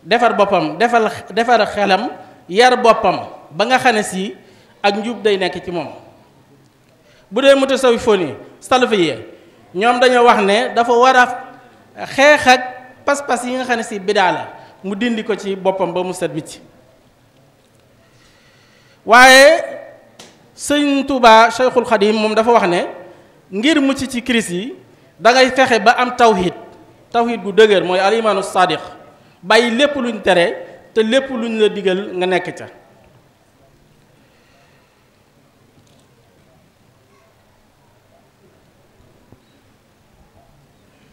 defar boppam defal defar xelam yar boppam ba nga xane si ak njub day nekk ci moom bu dee mutasawwifoon yi salafiyya ñoom dañoo wax ne dafa war a xeex ak pas-pas yi nga xam ne si bidaa mu dindi ko ci boppam ba mu set ci waaye sëñ Touba Cheikhul Khadim moom dafa wax ne ngir mucc ci crise yi da ngay fexe ba am tawhid tawhid bu dëgër mooy alimaanu sadiq bàyyi lépp luñ tere te lépp luñ la diggal nga nekk ca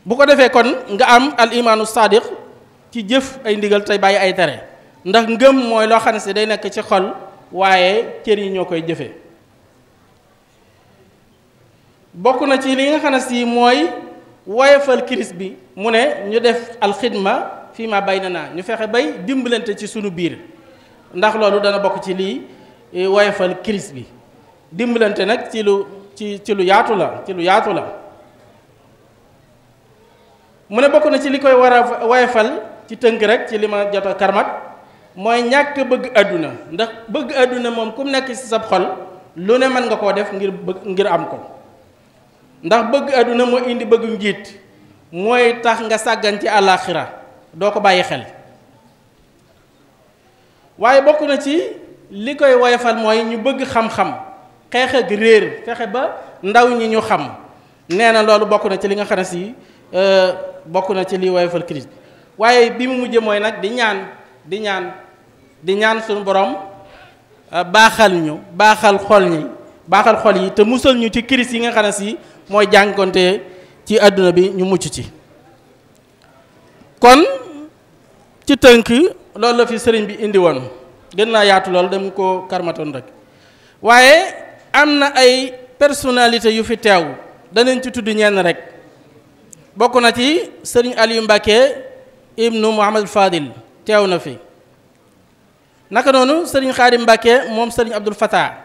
bu ko defee kon nga am al imaanu saadiq ci jëf ay ndigal tey bàyyi ay tere ndax ngëm mooy loo xam ne day nekk ci xol waaye cër yi ñoo koy jëfe bokk na ci li nga xam ne mooy woyefal kiris bi mu ne ñu def alxidma fii ma bay na naa ñu fexe bay dimbalante ci sunu biir ndax loolu dana bokk ci lii eh, woyofal crise bi dimbalante nag ci lu ci ci lu yaatu la ci lu yaatu la mu ne bokk na ci li koy war a woyofal ci tënk rek ci li ma jot a karmat mooy ñàkk bëgg àdduna ndax bëgg àdduna moom ku mu nekk ci sab xol lu ne mën nga koo def ngir bëgg ngir am ko ndax bëgg àdduna moo indi bëgg njiit mooy tax nga sàggan ci àllaaxira doo ko bàyyi xel waaye bokk na ci li koy woyafal mooy ñu bëgg xam-xam xeex ak réer fexe ba ndaw ñi ñu xam nee na loolu bokk na ci li nga xam ne si euh, bokk na ci li woyofal crise bi waaye bi mu mujjee mooy nag di ñaan di ñaan di ñaan suñu borom euh, baaxal ñu baaxal xol ñi baaxal xol yi te musal ñu ci crise yi nga xam ne si mooy jànkonte ci àdduna bi ñu mucc ci kon ci tënk loolu la fi sëriñ bi indi woon gën naa yaatu loolu dem koo karmatoon rek waaye am na ay personnalité yu fi teew danañ ci tudd ñenn rek bokk na ci sëriñ Aliou Mbacke ibnu Mouhamad Fadil teew na fi naka noonu sëriñ Xaadim Mbacke moom sëriñ Abdul Fatah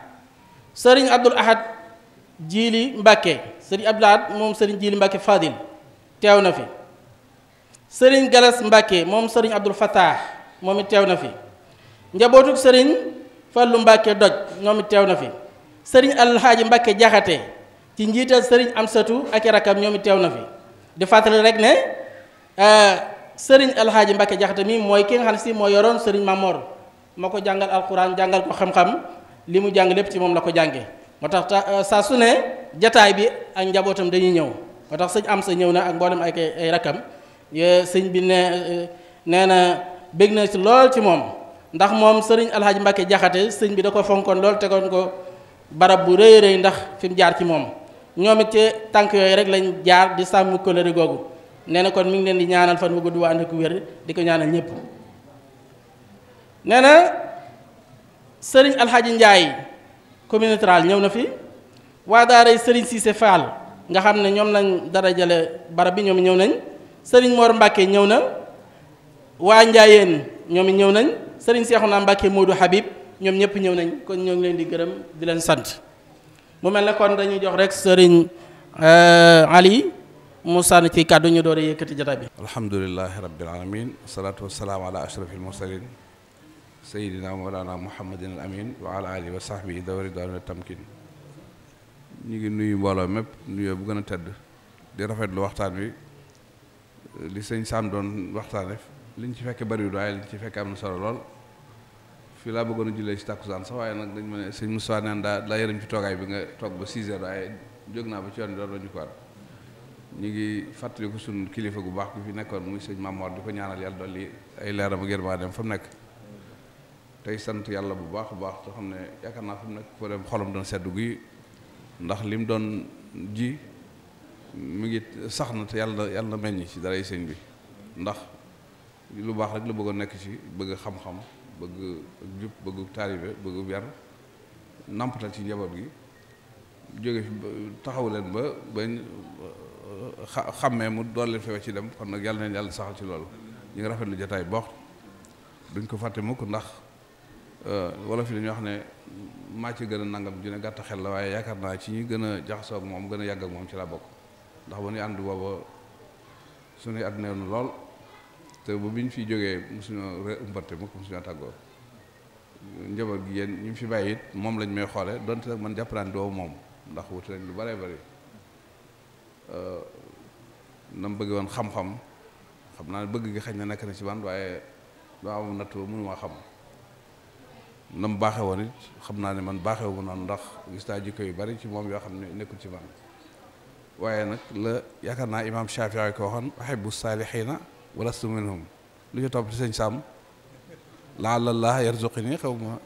sëriñ Abdul Ahad Jiili Mbacke sëriñ Abdul Ahad moom sëriñ Jiili Mbacke Fadil teew na fi. sëriñ Galas Mbàkke moom sëriñ Abdul Fattah moom it teew na fi njabootuk sëriñ Fallu Mbàkke doj ñoom it teew na fi sëriñ Alxaaji Mbàkke Jaxate ci njiital sëriñ Amsatu ak rakam ñoom it teew na fi di fàttali rek ne euh, sëriñ Alxaaji Mbàkke Jaxate mi mooy ki nga xam moo yoroon sëriñ Mamor moo ko jàngal alxuraan jàngal ko xam-xam li mu jàng lépp ci moom la ko jànge moo tax euh, saa su ne jataay bi ak njabootam dañuy ñëw moo tax sëñ Amsa ñëw na ak mboolem ay rakam sëñ bi ne eh, nee na bég na si lool ci moom ndax moom sëriñ alxaaji Mbàkke jaxate sëñ bi da ko fonkoon lool tegoon ko barab bu rëy rëy ndax fi jaar ci moom ñoom ci tànk yooyu rek lañ jaar di sàmm kóllëre googu nee na kon mu ngi leen di ñaanal fan wu gudd waa ànd ak wér di ko ñaanal ñépp nee na sëriñ alxaaji Njaay commune rurale ñëw na fi waa daaray sëriñ Siise Faal nga xam ne ñoom lañ darajale barab bi ñoom ñëw nañ sëriñ Mor Mbacke ñëw na waa Njaayeen ñoom ñëw nañ sëriñ Seexuna Mbacke Modou Habib ñoom ñëpp ñëw nañ kon ñoo ngi leen di gërëm di leen sant mu mel ne kon dañuy jox rek sëriñ euh, Ali mu sànn ci kàddu ñu door a yëkkati jataay bi alhamdulilahi rabbil alamin wasalaatu wasalaamu ala ashrafil mursalin sayidina mawlana muhammadin al amin wa ala alihi wa sahbihi daw ridwaan tamkin ñu ngi nuyu mbooloo mépp nuyoo bu gën a tedd di rafetlu waxtaan wi li sëñ Sam doon waxtaan li liñ ci fekkee bariwul waaye liñ ci fekkee am na solo lool fii laa bëggoon a si ci tàkkusaan sax waaye nag dañ ma sëñ Moussa naan daa daa yërëm ci toogaay bi nga ba 6 heures waaye naa ba ci yoon bi doon ñu ko waat ñu ngi suñu kilifa gu baax gi fi nekkoon muy sëñ Mamor di ko ñaanal yàlla dolli ay leeram ak yërmandeem fa mu nekk tey sant yàlla bu baax a baax te xam ne yaakaar naa fa mu nekk xolam doon sedd guy ndax lim doon ji. mu ngi sax na te yàlla yàlla meññ ci daray sëñ bi ndax lu baax rek la bëggoon a nekk ci bëgg xam-xam bëgg ak jub bëgg taalibe bëgg yar nampatal ci njaboot gi jóge fi leen ba bañ xàmmee mu dool leen ci dem kon nag yàlla neen yàlla saxal ci loolu ñu ngi rafetlu jataay boox duñ ko fàtte mukk ndax euh, wala fi dañuy wax ne maa ci gën a nangam dina gàtt xel la waaye yaakaar naa ci ñi gën a jaxasoo ak moom gën a yàgg ak moom ci laa bokk ndax ba ñuy ànd booba suñuy at neew na lool te ba bi ñu fi jógee mosuñoo re umbante mukk mosuñoo tàggoo njaboot gi yéen ñu fi bàyyi moom lañ may xoole donte nag man jàpp naa ne moom ndax wuti lu bëree bëri euh, na mu bëgg woon xam-xam xam naa ne bëgg gi xañ na nekk na ci man waaye daa am natt mënumaa xam na mu baaxee woon it xam naa ne man baaxee wu ma noonu ndax gis naa jikko yu bari ci moom yoo xam ne nekkul ci man waaye nag la yaakaar naa imaam Shaafi'i ko waxoon uhibbu saalihiina wa lastu minhum lu ñu topp ci sëñ sàmm la'alla Allaah yarzuqanii qawman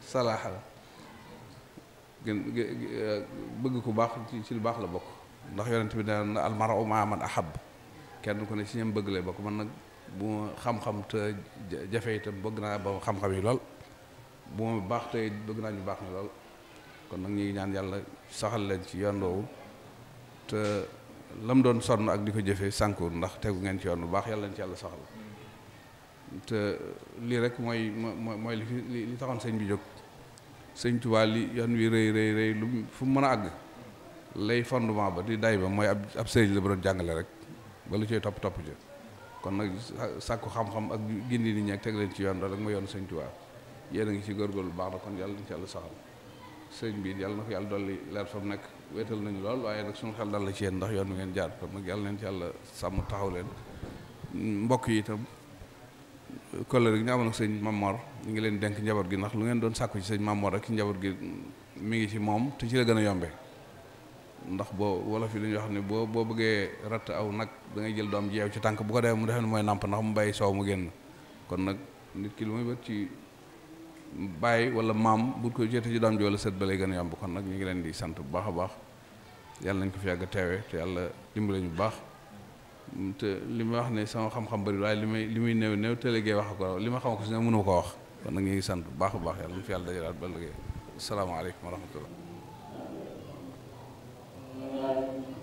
salaahan gën bëgg ku baax ci lu baax la bokk ndax yonent bi nee na al-mar'u ma'a man ahab kenn ku ne ci ñam bëgg lay bokk man nag bu ma xam-xam te jafe itam bëgg naa ba xam-xam yi lool bu ma baax te bëgg naa ñu baax ñu lool kon nag ñu ñaan yàlla saxal leen ci yoon woowu te mu doon sonn ak di ko jëfee sànkuur ndax tegu ngeen ci yoon bu baax yàlla na ci yàlla saxal te lii rek mooy mooy li fi li taxoon sëñ bi jóg sëñ Tuubaa li wi rëy rëy rëy lu fu mën a àgg lay fondement ba di day ba mooy ab ab sëriñ la ba jàngale rek ba lu cay topp topp ja kon nag sàkku xam-xam ak gindi nit ñi ak teg leen ci yoon rek mooy yoon sëñ Tuubaa yéen a ngi ci góorgóorlu baax kon yàlla na ci yàlla saxal sëñ bi yàlla na ko yàlla dolli leer fa mu nekk wéetal nañu lool waaye nag suñu xel dal la ci yéen ndax yoon wi ngeen jaar kon nag yàlla leen ci yàlla sàmm taxaw leen mbokk yi itam collègue gi ñu sëñ Mamor ñu ngi leen denk njaboot gi ndax lu ngeen doon sàkku ci sëñ Mamor rek njaboot gi mi ngi ci moom te ci la gën a yombe ndax boo wolof yi dañuy wax ne boo boo bëggee ratt aw nag da jël doom ji ci tànk bu ko defee mu defee ne mooy nàmp ndax mu bàyyi soow mu génn kon nag nit ki lu muy bët ci bàyyi maam bu ko jotee ci doom ji wala sët lay gën a yomb kon nag ñu ngi leen di sant bu baax a baax yàlla nañ ko fi yàgg teewee te yàlla dimbale lañu bu baax te li ma wax ne sama xam-xam bëri waaye li may li muy néew néew te léegi wax ko li ma xam ko si ne mënu koo wax kon nag ñu ngi sant bu baax baax yàlla nañ fi yàlla dajalaat ba léegi salaamaaleykum wa rahmatullah